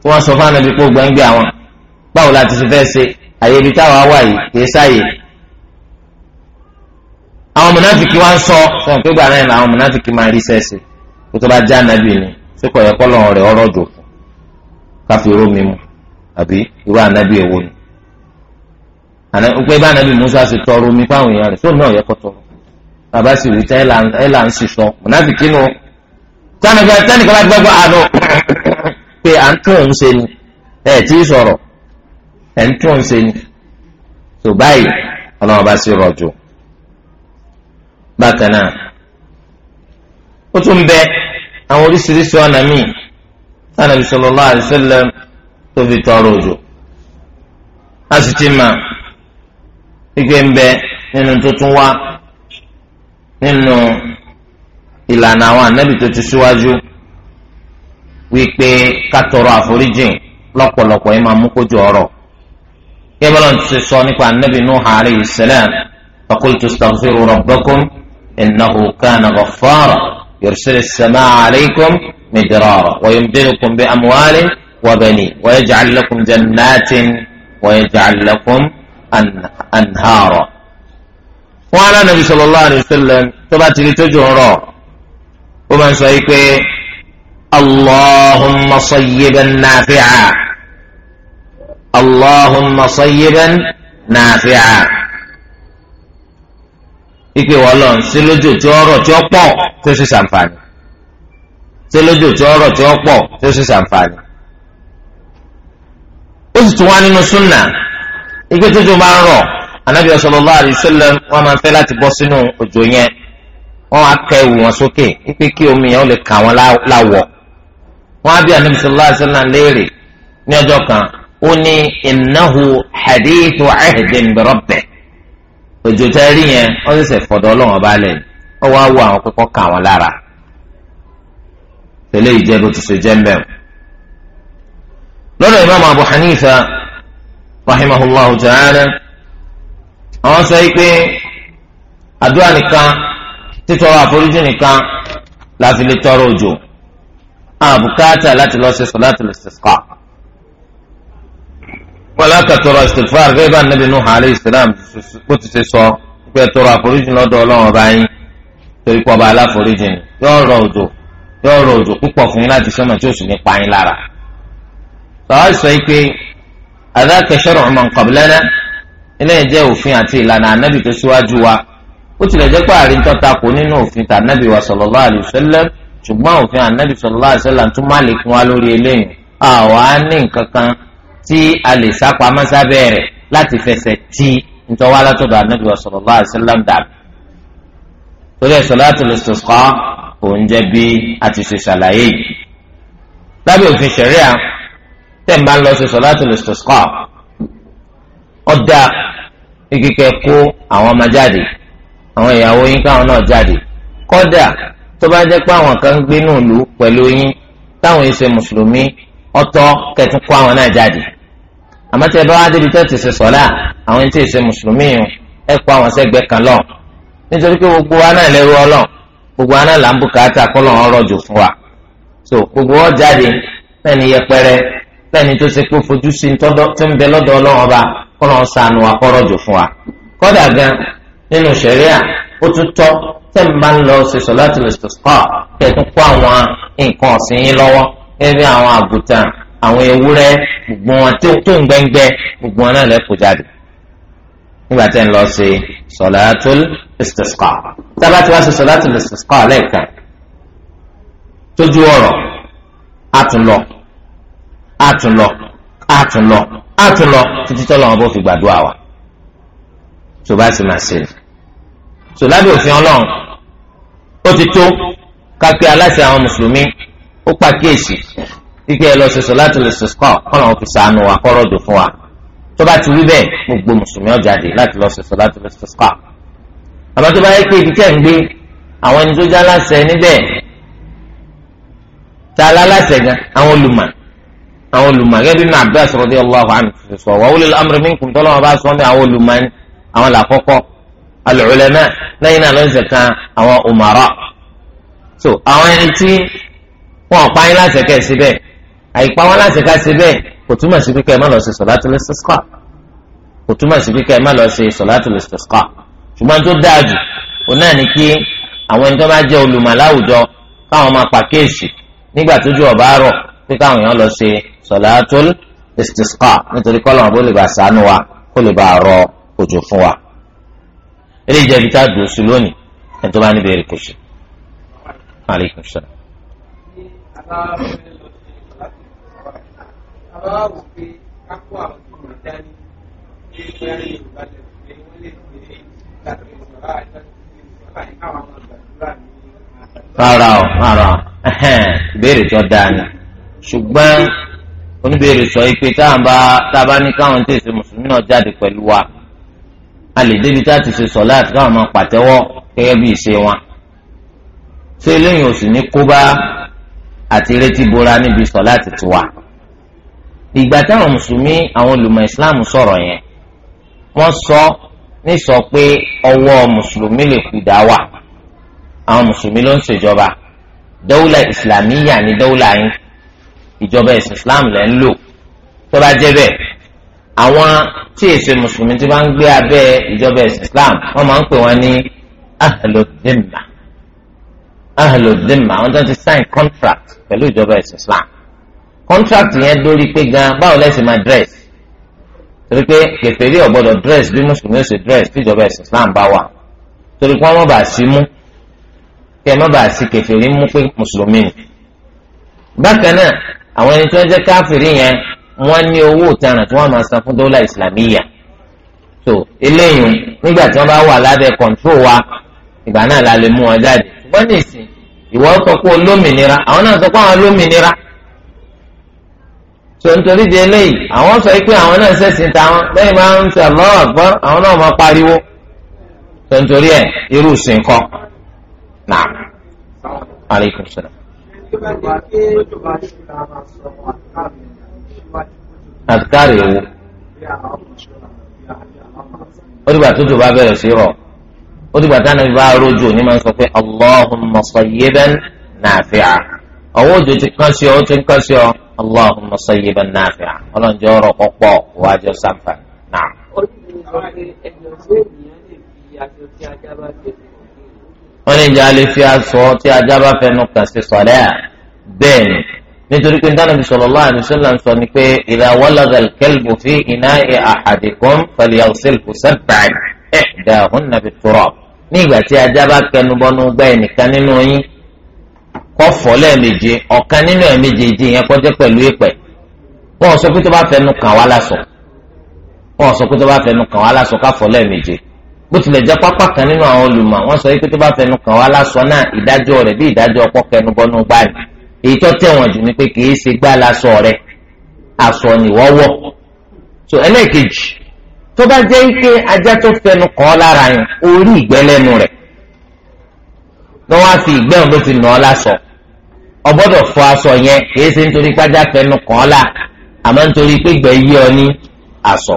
A: tí wọ́n sọ fún ànábi pé ó gbẹ́ngbẹ́ àwọn báwo la ti fẹ́ ṣe àyè ibi táwọn wà yìí kì í sáyè àwọn mùnàfìkì wa ń sọ fún pé gbàrà yẹn làwọn mùnàfìkì máa rí sẹ́ẹ̀sì kó tó bá já nàbì ni ṣé kò yẹ kọ́ lọ́wọ́ rẹ̀ ọ̀rọ̀ jò fún káfí irú mi mu àbí irú ànábì èwo ni pé bá ànábì Musa ṣe tọrọ omi fáwọn èèyàn rẹ̀ tó náà yẹ kó tọrọ bàbá sì rí tẹ́ ẹ̀ là ń sísọ mùnàfìkì nù tánàbí àtẹnìkan bá gbẹ́gbọ́ àná [coughs] pé à ń tún òun ṣe ni ẹ̀ tí sọ̀rọ̀ ẹ̀ ń tún òun ṣe ni bákan náà ó tún bẹ àwọn oríṣiríṣi ọ̀nà míì sanabi sallallahu alaihi tó fi tọrọ òjò a sì ti mà gbígbé ń bẹ nínú tuntun wá nínú ìlànà àwọn ànábì tó ti síwájú wípé ọrụ àforíjìn lọ́pọ̀lọpọ̀ ẹ máa mú kójú kébọlọ ti sọ nípa إنه كان غفارا يرسل السماء عليكم مدرارا ويمدلكم بأموال وبنين ويجعل لكم جنات ويجعل لكم أنهارا وعلى النبي صلى الله عليه وسلم تبات لتجهر ومن سيكي اللهم صيبا نافعا اللهم صيبا نافعا ike wọ́n lọ sí lójú tí ọ̀rọ̀ tí ó pọ̀ tí ó sì ṣàǹfààní sí lójú tí ọ̀rọ̀ tí ó pọ̀ tí ó sì ṣàǹfààní. ó sì tún wá nínú súnà ike tó jù máa ń rọ̀ anabi sallallahu alaihi wasallam wọ́n máa ń fẹ́ láti bọ́ sínú òjò yẹn wọ́n á kẹ́ ewu wọn sókè ipe kí omi yẹn ó lè kà wọ́n láwọ̀ wọ́n á bí anabi sallallahu alaihi wasallam léèrè ní ọjọ́ kan ó ní innahu hadithu ahdin bi rabbih òjò tẹ́ rí yẹn ó ṣẹ̀ṣẹ̀ fọ̀dọ̀ ọlọ́run ọba lẹ̀ ọ wá wo àwọn pípọ́ kà wọ́n lára tẹ́lẹ̀ ìjẹ́ bó ti ṣe jẹ́ mbẹ́. lọ́dọ̀ imam abu hanifa rahimahullahu ta'ala àwọn sọ pé àdúrà nìkan títọrọ àforíjì nìkan la fi lè tọrọ òjò àbùkátà láti lọ ṣe sọ láti lè ṣe wọn lákàtọrọ istighfar gẹ́gẹ́ bá nàbì Nuh alayhi salam bó ti ṣe sọ pé tọrọ àforíjì lọ́dọ̀ Ọlọ́run ọba yín torí pé ọba aláforíjì ni yóò rọ òjò yóò rọ òjò púpọ̀ fún yín láti sọmọ tí ó sì ní pa yín lára. sọ̀rọ̀ sọ yìí pé adaka shar'u man qablana ilé jẹ́ òfin àti ìlànà ànábì tó síwájú wa ó tilẹ̀ jẹ́ pé àárín tó takò nínú òfin tànábì ànábì wa sallam tún tí a lè sá pamọ́ sábẹ́ rẹ̀ láti fẹsẹ̀ tí ntọ́wá látọ̀dọ̀ anábìwá sallallahu alaihi wasallam dàbí. torí ẹ̀ salatul istisqa òun jẹ́ bí a ti ṣe ṣàlàyé yìí. lábẹ́ òfin ṣẹ̀ríà tẹ̀ ń bá ń lọ sí salatul istisqa ọ̀dà kíkẹ́ kó àwọn ọmọ jáde àwọn ìyàwó yín káwọn náà jáde kọ́dà tó bá jẹ́ pé àwọn kan ń gbénú ìlú pẹ̀lú yín táwọn ìṣe mùsùlùmí ọ̀tọ̀ kẹ́tùn àwọn náà jáde àmọ́ tẹ́ bá wá débi tẹ́ ti ṣe sọ́lá àwọn ẹni tí ì ṣe mùsùlùmí yìí ẹ kó àwọn sẹ́gbẹ́ kan lọ nítorí pé gbogbo wa náà lẹ́rú ọlọ́ gbogbo wa náà là ń bùkátà kọ́lọ̀ ọ̀rọ̀ jù fún wa so gbogbo wọn jáde fẹ́ni yẹpẹrẹ fẹ́ni tó ṣe pé fojú sí tó ń bẹ lọ́dọ̀ ọlọ́run ọba kọ́lọ̀ sànù wa kọ́rọ̀ jù fún wa kọ́dà gan nínú ṣẹ̀ríà ó tún tọ́ tẹ́ ń bá ń lọ àwọn ewúrẹ́ gbogbo wọn tó ń gbẹ́ngbẹ́ gbogbo wọn náà lè kó jáde nígbà tẹ́ ń lọ sí sọ̀làtúl istisqa sábà tí wàá sí sọ̀làtúl istisqa lẹ́ẹ̀kan tójú ọ̀rọ̀ àtúnlọ àtúnlọ àtúnlọ àtúnlọ títí tọ́lọ́ wọn bó fi gbàdúrà wa tó bá sì máa ṣe tó lábẹ́ òfin ọlọ́run ó ti tó kápẹ́ aláṣẹ àwọn mùsùlùmí ó pàkíyèsí ike lọ ṣe solatul istisqa kọ́nà òfin sànù wa kọ́rọ̀ jù fún wa
B: tó bá ti rí bẹ́ẹ̀
A: gbogbo mùsùlùmí ó jáde láti lọ ṣe solatul istisqa àmọ́ tó bá yẹ pé ibi tẹ̀ ń gbé àwọn ẹni tó já láṣẹ níbẹ̀ tá a láláṣẹ gan àwọn olùmọ̀ àwọn olùmọ̀ gẹ́gẹ́ bí Ibn Abbas radiyallahu anhu sọ wa ulil amri minkum tọ́lọ́wọ́n bá sọ ní àwọn olùmọ̀ àwọn làkọ́kọ́ so àwọn ẹni tí wọ́n pa àyípa wọn láti ká sí bẹ́ẹ̀ kò túmọ̀ sí kíkẹ́ ẹ má lọ sí sọ̀látù listisqa kò túmọ̀ sí kíkẹ́ ẹ má lọ sí sọ̀látù listisqa ṣùgbọ́n tó dáa jù òun náà ni kí àwọn ẹni tó bá jẹ́ olùmọ̀ láwùjọ káwọn máa pàkíyèsí nígbà tójú ọ̀bá rọ̀ pé káwọn èèyàn lọ sí sọ̀látù listisqa nítorí kọ́ lọ́wọ́ bó bá wò pé kápò àwọn tó wọ́n dání ní ìgbẹ́rin yorùbá lẹ́nu pé wọ́n lè gbé láti ìsọ̀rọ̀ àìsàn ní káwọn ọmọ gbàdúrà ní. rárá o rárá ìbéèrè tó dáa ni ṣùgbọ́n oníbèrè sọ pé tá a bá ní káwọn tí èsì mùsùlùmí náà jáde pẹ̀lú wa a lè débi tá a ti ṣe sọ láti káwọn máa pàtẹ́wọ́ gẹ́gẹ́ bí ìṣe wọn ṣé eléyìí ò sì ní kó àti retí bora níbi sọ láti tiwa ìgbà táwọn mùsùlùmí àwọn olùmọ̀ islam sọ̀rọ̀ yẹn wọ́n sọ ní sọ pé ọwọ́ mùsùlùmí lè kú dá wà àwọn mùsùlùmí ló ń ṣèjọba dawla islamiyya ní dawla yín ìjọba ẹ̀sìn islam lẹ́ ń lò tó bá jẹ́ bẹ́ẹ̀ àwọn tí èsì mùsùlùmí ti bá ń gbé abẹ́ ìjọba ẹ̀sìn islam wọ́n máa ń pè wọ́n ní ahlodimma ahlodimma wọ́n tó ti sign contract pẹ̀lú ìjọba ẹ̀sìn islam contract yẹn dórí pé gan báwo lẹ́sìn máa dress torí pé kèfèrí ò gbọ́dọ̀ dress bí mùsùlùmí ó ṣe dress tíjọba ẹ̀sìn Islam bá wà torí pé wọ́n má bàa sí mú kí ẹ má bàa sí kèfèrí mú pé mùsùlùmí ni. bákan náà àwọn ẹni tí wọ́n jẹ́ káfìrí yẹn wọ́n ní owó ìtanràn tí wọ́n máa san fún dọ́là ìsìlámíyà so eléyìí nígbà tí wọ́n bá wà lábẹ́ control wa ìgbà náà la lè mú wọn jáde ṣùgbọ́n nìsín ìwọ sọ pé olómìnira àwọn náà sọ pé àwọn olómìnira tontori di eléyìí àwọn sọ pé àwọn náà ṣẹ̀sìn táwọn lẹ́yìn máa ń ṣe Allahu Akbar àwọn náà máa pariwo tontori ẹ̀ irú sìn kọ́ náà aleykum salaam. àtikárì ewu ó dìgbà tó jù bá bẹ̀rẹ̀ sí rọ̀ ó dìgbà táwọn ẹni bá rojò ní máa ń sọ pé Allahumma sayyiban nafi'a ọwọ́ òjò ti kán sí ọ ó ti ń kán sí ọ allahumma sayyiban nafi'a ọlọ́njọ́ ọ̀rọ̀ pọ̀pọ̀ wájọ sáǹfà náà. wọ́n ní ìjà lè fi aṣọ tí ajá bá fẹnu kàn sí sọ̀rẹ́ à bẹ́ẹ̀ ni nítorí pé Ànábì sallallahu alaihi wasallam sọ ni pé idha walagha al-kalbu fi ina'i ahadikum falyagsilhu sab'an ihdahunna bit-turab ní ìgbà tí ajá bá kẹnu bọ́nú gbẹ́ ẹnìkan nínú yín kọ́ fọ̀ lẹ́ẹ̀mejì ọ̀kan nínú ẹ̀ẹ̀mejì yẹn kọjá pẹ̀lú ìpẹ́ wọn sọ pé tó bá fẹnu kàn wá lásọ wọn sọ pé tó bá fẹnu kàn wá lásọ ká fọ̀ lẹ́ẹ̀mejì bó tilẹ̀ jẹ́ pápá kan nínú àwọn olùmọ̀ wọn sọ pé tó bá fẹnu kàn wá lásọ náà ìdájọ́ rẹ̀ bí ìdájọ́ ọkọ kẹnu bọ́nú gbá ni èyí tó tẹ̀wọ̀n jù ni pé kì í ṣe gbá lásọ rẹ̀ àsọ ni wọ́wọ́ so ẹlẹ́ẹ̀kejì tó bá jẹ́ ike ajá tó fẹnu kàn lára yẹn orí ìgbẹ́lẹ́nu rẹ̀ lọ́ wá fi ìgbẹ́hùn ló fi nà ọ́ lásọ ọgbọ́dọ̀ fọ aṣọ yẹn kìí ṣe nítorí pàjá fẹnu kàn án là àmọ́ nítorí pé gbẹ̀ yí ọ ní aṣọ.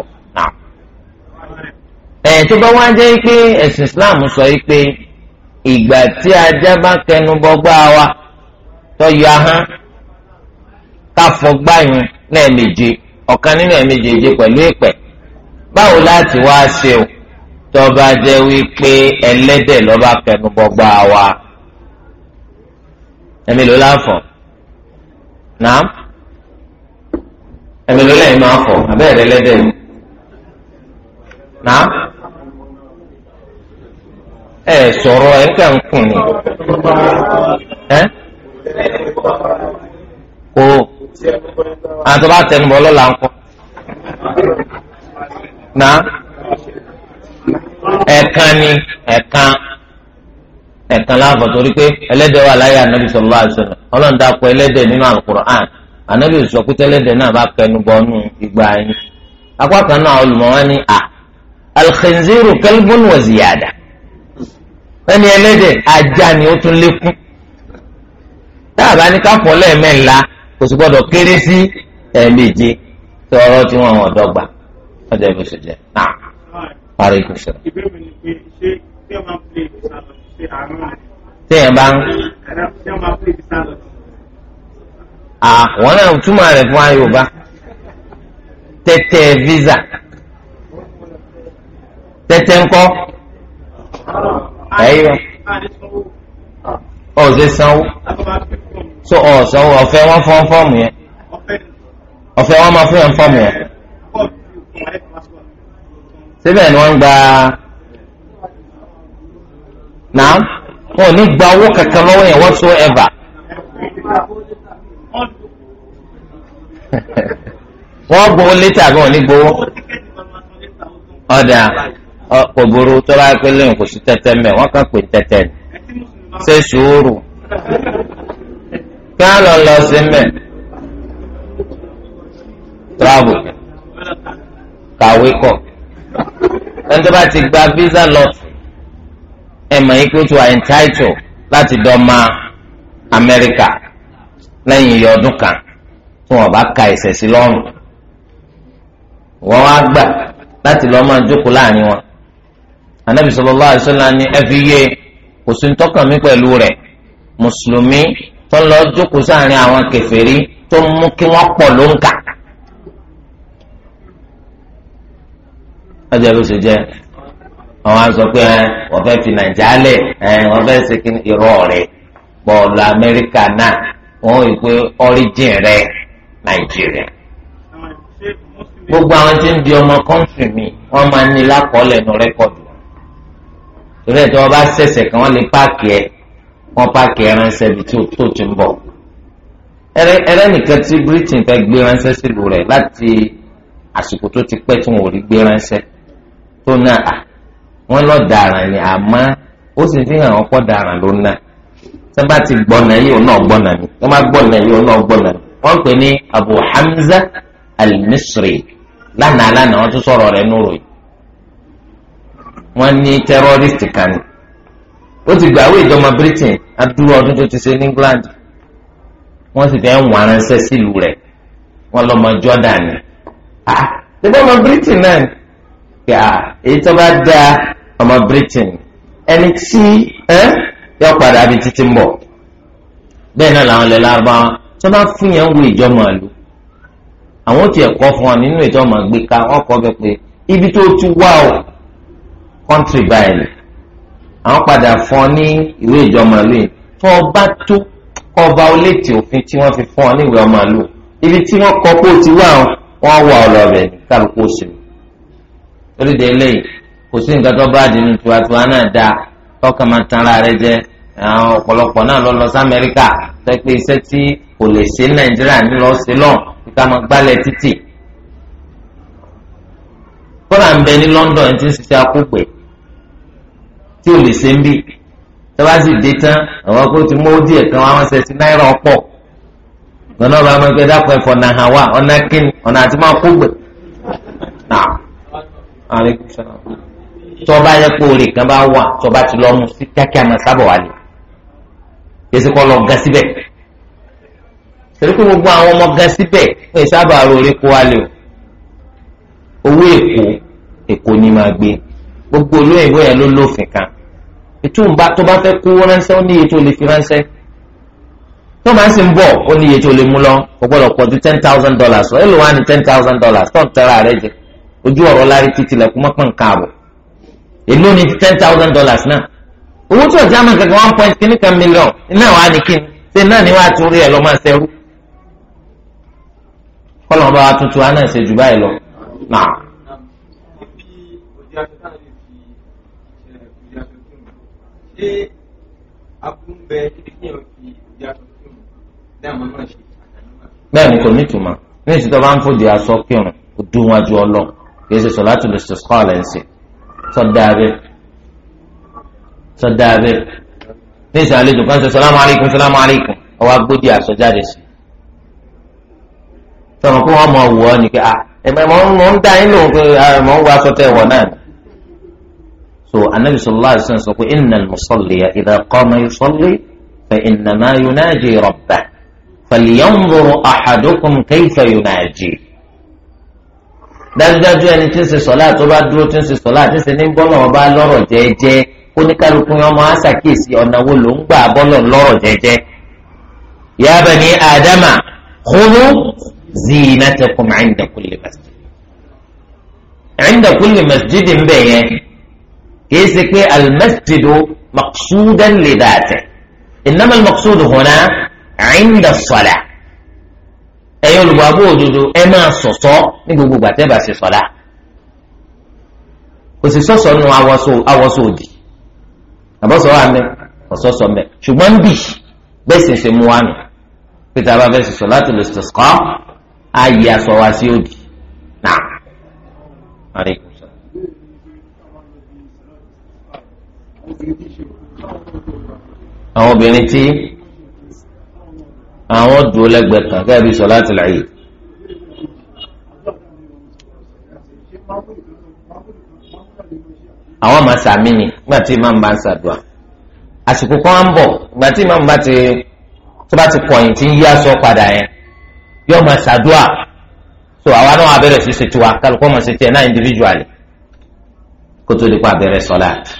A: ẹ̀ tó bá wá jẹ́ pé ẹ̀sìn Islam sọ yìí pé ìgbà tí ajá bá kẹnu bọ́gbá wa tó yọ ahọ́n ká fọgbá yun lẹ́ẹ̀mejì ọ̀kan nínú ẹ̀mejì èjì pẹ̀lú ìpẹ́ báwo láti wá ṣe o. tọ́ba jẹ́ wípé ẹlẹ́dẹ̀ lọ́ba kẹnu gbọgbà wa ẹ̀mí ló láǹfọ̀ náà ẹ̀mí ló lẹ́yìn máa fọ̀ abẹ́rẹ́ ẹlẹ́dẹ̀ náà ẹ̀ sọ̀rọ̀ ẹ̀ kẹ́ ń kùn ni ẹ̀ kó àtọ́ba tẹnubọ́ lọ́la ń kọ́ ẹ̀ẹ̀kan ni ẹ̀ẹ̀kan ẹ̀ẹ̀kan láàbọ̀ torí pé ẹlẹ́dẹ̀ wà láyé anabi sallallahu alaihi wasallam ọlọ́run ẹlẹ́dẹ̀ nínú alukur'an anabi sọ pé tẹ́lẹ́dẹ̀ náà bá kẹnu bọ́nú ìgbà yín apá kan náà olùmọ̀wá ni a alkhinziru ziyada ẹni ẹlẹ́dẹ̀ ajá ni ó tún lékún táàbà ní káfọ́ lẹ́ẹ̀mẹ́ńlá kò sì gbọ́dọ̀ kéré sí ẹ̀ẹ̀méje tí ọ̀rọ̀ ọ̀rọ̀ ìkùnsẹ̀. téèyàn bá ń. àwọn náà túmọ̀ rẹ̀ fún ayọ̀bá tẹ́tẹ́ visa tẹ́tẹ́ ńkọ́ ẹ̀yọ́ ọ̀sẹ̀ sanwó so ọ̀sanwó ọ̀fẹ́ wọn fọ́n fọ́ọ̀mù yẹn ọ̀fẹ́ wọn máa fún fọ́ọ̀mù yẹn. síbẹ̀ ni wọ́n gba náà wọn ò ní gba owó kankan lọ́wọ́ yẹn whatsoever. wọ́n gbowó létà àbí wọ́n ní gbowó. ọ̀dà kò burú tó bá pé lóyún kò sí tẹ́tẹ́ mẹ́ wọ́n kàn pé tẹ́tẹ́ ṣe sùúrù kí wọ́n lọ lọ sí mẹ́ travel kàwé ẹni tó bá ti gba visa lottery ẹ mọ̀ yín pé tó wà entitled láti dọ́mà Amẹ́ríkà lẹ́yìn iye ọdún kan tí wọ́n bá ka ẹ̀sẹ̀ sí lọ́rùn wọ́n á gbà láti lọ́ọ́ máa jókòó láàrin wọn anabi sallallahu alaihi wasallam ni ẹ fi yé kò sí ntọ́kàn mi pẹ̀lú rẹ̀ mùsùlùmí tó lọ jókòó sáàrin àwọn kèfèrí tó mú kí wọ́n pọ̀ ló ọjọ́ ló ṣe jẹ́ àwọn á sọ pé wọ́n fẹ́ fi nàìjíríà lẹ̀ wọ́n fẹ́ ṣe kí irọ́ rẹ̀ bọ́ọ̀lù amẹ́ríkà náà wọ́n yìí pé ọ́ríjìn rẹ̀ nàìjíríà gbogbo àwọn tí ń di ọmọ kọ́ńtì mi wọ́n máa ń ní lákọọ́lẹ̀ nu rẹ́kọ̀dù torí ẹ̀tọ́ ọba ṣẹ̀ṣẹ̀ kan wọ́n lè páàkì ẹ̀ wọ́n páàkì ẹ̀ ránṣẹ́ ibi tí tó ti ń bọ̀ ẹlẹ́nìkan tí Britain fẹ́ gbé ránṣẹ́ sílùú rẹ̀ láti àsìkò tó ti pẹ́ tí wọ́n ò rí gbé ránṣẹ́ tó náà à wọ́n lọ dàrán ni àmọ́ ó sì fi hàn ọ̀pọ̀ ló bá ti gbọ́nà yìí òun náà gbọ́nà ni tó bá gbọ́nà yìí òun náà gbọ́nà ni wọ́n pè ní Abu Hamza al lánàá lánàá wọ́n tún sọ̀rọ̀ rẹ̀ nùrọ̀ yìí wọ́n ní kan ó ti pé à èyí tó bá da ọmọ Britain ẹni tí ẹ yọ padà bí títí ń bọ̀ bẹ́ẹ̀ náà làwọn ilẹ̀ lárúbáwá tí wọ́n bá fún yẹn ń wo ìjọ màálù àwọn tí ẹ̀kọ́ fún ọ nínú ìjọ màgbéka wọ́n kọ́ bẹ pé ibi tó ti wá o kọ́ńtì báyìí àwọn padà fún ọ ní ìwé ìjọ màálù yìí tó o bá tó kọ́ ọba ó létí òfin tí wọ́n fi fún ọ ní ìwé ọmọ àlù ibi tí wọ́n kọ́ kó o ti wá o wọ́n wà ọ lọ bẹ̀ kálukú òṣèlú. torí de eléyìí kò sí nǹkan tó bá dì nù tiwantiwa náà dá tọkàn máa tan ara rẹ jẹ àwọn ọ̀pọ̀lọpọ̀ náà lọ lọ sí amẹ́ríkà tẹ́pẹ́ iṣẹ́ tí kò lè ṣe ní nàìjíríà ní lọ sí máa gbálẹ̀ títì kọ́lá ń bẹ ní london ẹni tí ń ṣiṣẹ́ tí ò lè ṣe ń bì ti mú díẹ̀ kan àwọn náírà ọ̀pọ̀ ọ̀nà kíni ọ̀nà àti máa aleykum salaam tọba yẹ kó o lè kàn bá wà tọba ti lọ mú sí kíákíá máa sábà wà lè yẹsẹ kọ lọ ga síbẹ̀ torí pé gbogbo àwọn ọmọ ga síbẹ̀ wọn sábà rọrí kó wa lè o owó èkó èkó ni máa gbé gbogbo olóyìnbó yẹn ló lófin kan ìtumba tó bá fẹ́ kó ránṣẹ́ ó ní iye tó lè fi ránṣẹ́ tó máa ń sìn bọ̀ ó ní iye tó lè mú lọ kò pọ̀ ju ten thousand dollars ẹ lò wá ní ten thousand dollars tó ń tẹ́ra rẹ jẹ ojú ọ̀rọ̀ lárí títí lẹ̀kú mọ́pọ́n káàbọ̀ èló ni ten thousand dollars náà owó tí ọjà máa kankan one point kìíní kan million náà wà ní kíni ṣe náà ni wàá tún rí ẹ lọ máa ṣẹrú kọlọ̀ bá wa tuntun á náà ṣe jù báyìí lọ náà. ṣé akúnbẹ kékeré fi ìjà tó kí mu dáàmú náà bẹ́ẹ̀ ni kò ní ìtumọ̀ ní ìsìtọ́ bá ń fòdì aṣọ kírun ó wájú ọlọ́ọ̀. kìí ṣe sọ̀látù lè ṣe sọ́ọ̀ lẹ́ ń ṣe sọ́dáàbẹ̀ sọ́dáàbẹ̀ ní ìsìn àlejò kan ṣe sọ́lámù aláìkùm sọ́lámù aláìkùm ọwọ́ agbódì àsọjáde sí sọ̀rọ̀ pé wọ́n mọ̀ wù ọ́ nìkẹ́ à ẹ̀mẹ̀ mọ̀ ń dá yín lòun pé mọ̀ ń wọ aṣọ tẹ̀ wọ̀ náà so anabi sallallahu alaihi wasallam sọ pé innal musalliya idha qama yusalli fa innama yunaji rabbah falyanzur ahadukum kayfa yunaji. dájúdájú ẹni tí ń ṣe sọlá tó bá dúró tí ń ṣe sọlá tí ń ṣe ní bọ́lọ̀ ọba lọ́rọ̀ jẹ́ẹ́jẹ́ kó ní kálukú yẹn ọmọ àṣàkíyèsí ọ̀nà wo ló ń gbà bọ́lọ̀ lọ́rọ̀ jẹ́ẹ́jẹ́. ya bani adama khudhu zinatakum 'inda kulli masjid 'inda kulli masjid ń bẹ̀ yẹn kìí ṣe almasjidu maqsudan li innama almaqsudu huna 'inda as ẹ̀yin olùwàbò òdodo ẹ máa ṣọ̀ṣọ́ ní gbogbo ìgbà tẹ́ bá ṣe sọ̀lá kò sì ṣọ̀ṣọ́ nu awọ́sọ òdì àbọ̀sọ̀ wà mẹ́ ọ̀ṣọ́ṣọ́ mẹ́ ṣùgbọ́n bì bẹ́ẹ̀ sì ṣe mú wa nù pété abá fẹ́ ṣe sọ̀lá tó lè ṣe sọ́ ayé aṣọ wa sí òdì náà. àwọn obìnrin tí àwọn dùn lẹ́gbẹ̀ẹ́ kan kẹbi sọláàtì láàyè. àwọn máa sàmì ni nígbà tí imam bá ń ṣàdúrà àsìkò kan á ń bọ̀ nígbà tí imam bá ti tó bá ti kọ̀yìn tí ń yí aṣọ padà yẹn yóò máa ṣàdúrà so àwa náà abẹ́rẹ́ ṣiṣẹ́ tiwa kálukọ́ máa ṣe tiẹ̀ náà individually kó tó di pa abẹ́rẹ́ sọláàtì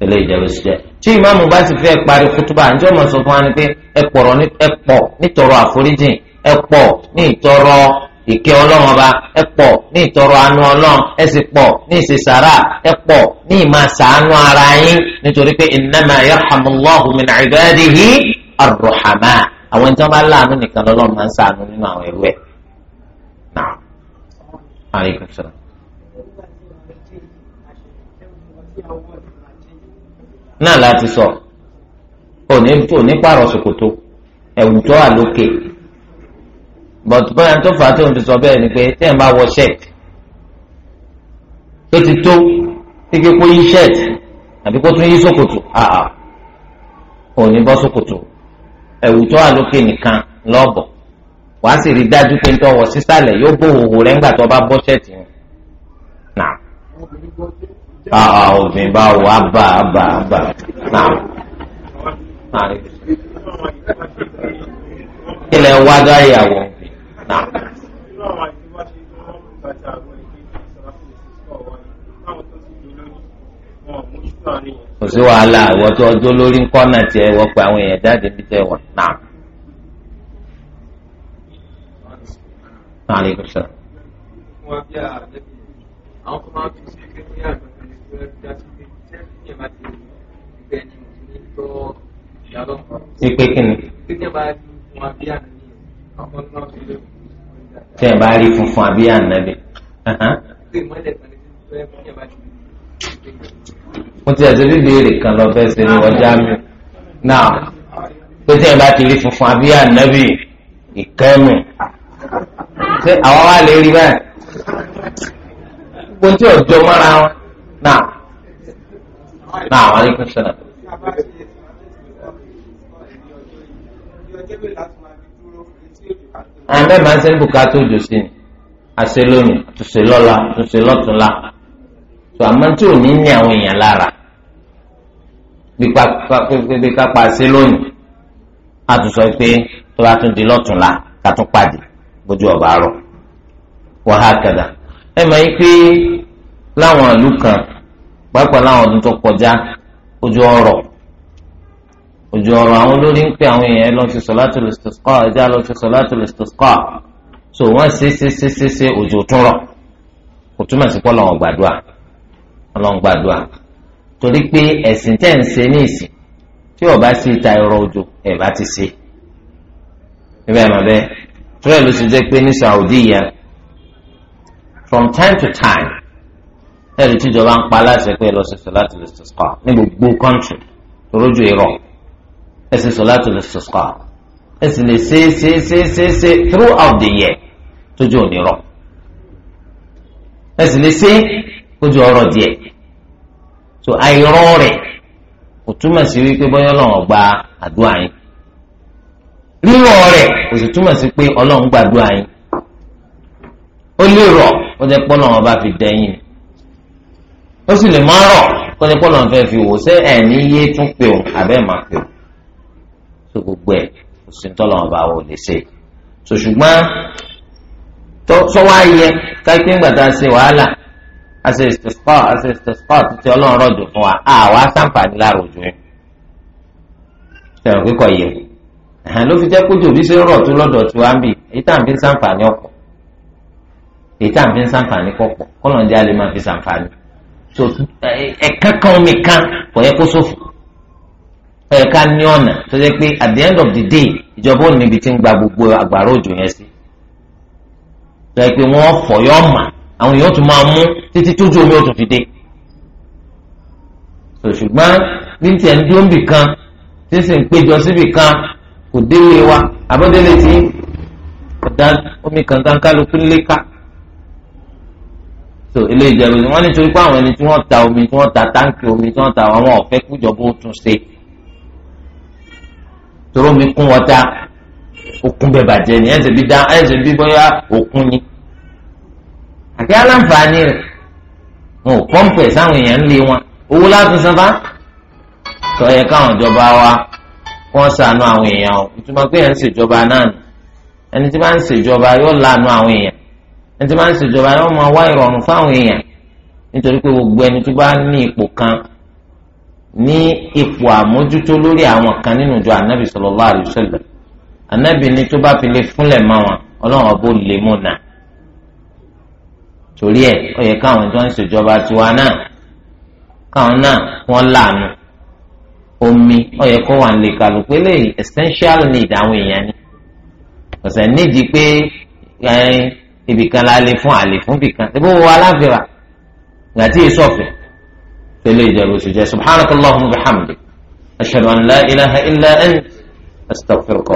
A: tẹlẹ ìjẹun ṣiṣẹ tí ìmáàmù bá ti fẹ́ parí kútúbà ǹjẹ́ ọmọ sọ fún wa ni pé ẹ pọ̀rọ̀ ẹ pọ̀ nítọrọ àforíjìn ẹ pọ̀ ní ìtọrọ ìkẹ́ ọlọ́run ọba ẹ pọ̀ ní ìtọrọ àánú ọlọ́run ẹ sì pọ̀ ní ìṣesàrà ẹ pọ̀ ní ìmọ̀ ṣàánú ara yín nítorí pé innama yarhamullahu min ibadihi ar-ruhama àwọn tí wọ́n bá láàánú nìkan lọ́lọ́run máa ń ṣàánú nínú àwọn ẹrú ẹ̀ náà. náà láti sọ òní òní pààrọ̀ ṣòkòtò ẹ̀wù tó wà lókè but bóyá tó fà á tó ń fi sọ bẹ́ẹ̀ ni pé tẹ́ ẹ̀ bá wọ ṣẹ́ẹ̀tì tó ti tó kíkẹ́ kó yí ṣẹ́ẹ̀tì àbí kó tún yí ṣòkòtò àà òní bọ́ ṣòkòtò ẹ̀wù tó wà lókè nìkan lọ́bọ̀ wàá sì rí dájú pé ń tọwọ́ sísàlẹ̀ yóò bó òhò rẹ̀ ńgbà tó bá bọ́ ṣẹ́ẹ̀tì àà òfin bá wà bà bà bà náà. ilẹ̀ wá dárí àwọ̀ náà. kò sí wàhálà ìwọ tó ọjọ́ lórí kọ́nà tiẹ̀ wọ́n pe àwọn èèyàn jáde bí tẹ̀ wọ́n náà. àwọn kan máa ń fi ìpè kìnnì. tẹ́ ẹ̀ bá rí funfun àbí ànábì. mo ti àti bíbí èrè kan lọ bẹ́ẹ̀ ṣe ni ọjà mi náà pé tẹ́ ẹ̀ bá ti rí funfun àbí ànábì ìkẹ́mi ṣé àwọn wa lè rí báyìí gbogbo tí ọjọ́ mọ́ra wọn náà náà àwọn alẹ́ kún sọ́nà. àwọn bẹ́ẹ̀ máa ń sẹ́ bùkátà òjò sí ni àṣẹ lónìí àtúnṣe lọ́la àtúnṣe lọ́túnla tó àmọ́ tí ò ní ní àwọn èèyàn lára bí kápá àṣẹ lónìí àtúnṣe pé tó bá tún di lọ́túnla ká tún pàdé bójú ọba rọ wàhálà kàdà ẹ máa ń pé láwọn ìlú kan pàápàá láwọn ọdún tó kọjá ojú ọrọ̀ ojú ọrọ̀ àwọn olórí ń pè àwọn èèyàn lọ sí sọlátù lẹsítọsíkọ ẹjá lọ sí sọlátù lẹsítọsíkọ so wọn ṣe ṣe ṣe ṣe ṣe òjò tún rọ̀ kò túmọ̀ sí pọ́ lọ́wọ́ gbàdúrà lọ́wọ́ gbàdúrà torí pé ẹ̀sìn tẹ̀ ń ṣe ní ìsìn tí ó bá sí ìta ẹ̀rọ òjò ẹ̀ bá ti ṣe níbẹ̀ mọ̀ bẹ́ẹ̀ tó ẹ̀ ló ti jẹ́ pé ní Saudi yẹn from time to time ẹ̀rí tíjọba ń pa aláṣẹ pé lọ sí sọláàtì lè sọ̀sọ̀kà ní gbogbo kọ́ńtì lórójú ìrọ̀ ẹ sì sọláàtì lè sọ̀sọ̀kà lè ṣe ṣe ṣe ṣe ṣe throughout the year tójú òní rọ̀ ẹ sì lè ṣe kójú ọrọ̀ díẹ̀ so àìrọ̀ rẹ̀ kò túmọ̀ sí wípé bọ́yọ́ lọ́wọ́ gba àdúrà yín rírọ̀ rẹ̀ kò sì túmọ̀ sí pé ọlọ́run gbàdúrà yín ó lè rọ̀ ó jẹ́ pọ́nà wọn bá fi dẹ́yìn ó sì lè máa rọ̀ kó ní kó lọ́n fẹ́ fi wò ṣé ẹ̀ ní yé tún pè ó àbẹ́ máa pè ó tó gbogbo ẹ̀ kò sí tọ́lọ̀ ọba ò lè ṣe so ṣùgbọ́n sọ́wọ́ ayẹ káyipé ńgbà tá a ṣe wàhálà a ṣe ìṣẹ̀ṣọ́ a ṣe ìṣẹ̀ṣọ́ títí ọlọ́run rọ̀jò fún wa àwa sàǹfààní lára òjò yẹn ṣẹ̀rọ̀ kíkọ̀ yẹ ẹ̀hán ló fi jẹ́ kó jòbí ṣe ń rọ̀ tó lọ́dọ̀ tó wá ń bì èyí tá à ń fi ń ọ̀pọ̀ èyí tá à ń fi ń pọ̀pọ̀ kọ́lọ̀ ń lè máa fi sàǹfààní so ẹ̀ka kan omi kan kò yẹ kó sófò ẹ̀ka ní ọ̀nà tó yẹ pé at the end of the day ìjọba ò níbi tí ń gba gbogbo àgbàrá òjò yẹn sí tó yẹ pé wọ́n fọ̀ yọ ọ̀mà àwọn èèyàn tún máa mú títí tójú omi ò tún fi dé so ṣùgbọ́n ní tiẹ̀ ń dúró níbì kan tí sì ń péjọ síbì kan kò délé wa àbọ̀délé tí ọ̀dà omi kankan kálukú léka so eléyìí jẹ́ bí wọ́n nítorí pé àwọn ẹni tí wọ́n ta omi tí wọ́n ta táǹkì omi tí wọ́n ta àwọn ọ̀fẹ́ kújọba ó tún ṣe toró mi kún wọ́n ta òkun bẹ̀ bàjẹ́ ni ẹ̀sẹ̀ bí dá ẹ̀sẹ̀ bí bóyá òkun ni àti aláǹfààní rẹ̀ wọn ò pọ́ǹpù ẹ̀ sáwọn èèyàn ń lé wọn owó láti san bá yẹ káwọn ìjọba wa wọ́n ṣàánú àwọn èèyàn o ìtumọ̀ pé ẹ̀ ń ṣèjọba náà ẹni tí bá ń ṣèjọba yóò láàánú àwọn èèyàn ẹni tí máa ń ṣèjọba yóò máa wá ìrọ̀rùn fáwọn èèyàn nítorí pé gbogbo ẹni tó bá ní ipò kan ní ipò àmójútó lórí àwọn kan nínú ìjọ ànábì sallallahu alaihi wasallam ànábì ni tó bá fi lè fúnlẹ̀ mọ́ wọn ọlọ́run ọbọ̀ lè mú nà torí ẹ̀ ó yẹ káwọn tó ń ṣèjọba tiwa náà káwọn náà wọ́n láàánú omi ó yẹ kó wà lè kàlùkù eléyìí essential need àwọn èèyàn ni ọ̀sẹ̀ nídìí pé ibi kan la lè fún àlè fún bìkan ṣé bó wọ aláfẹ́ra gàtí èso ọ̀fẹ́ tẹ́lẹ̀ ìjẹ́bù sì jẹ́ subhanakallahumma wa bihamdik ashhadu an la ilaha illa ant astaghfiruka.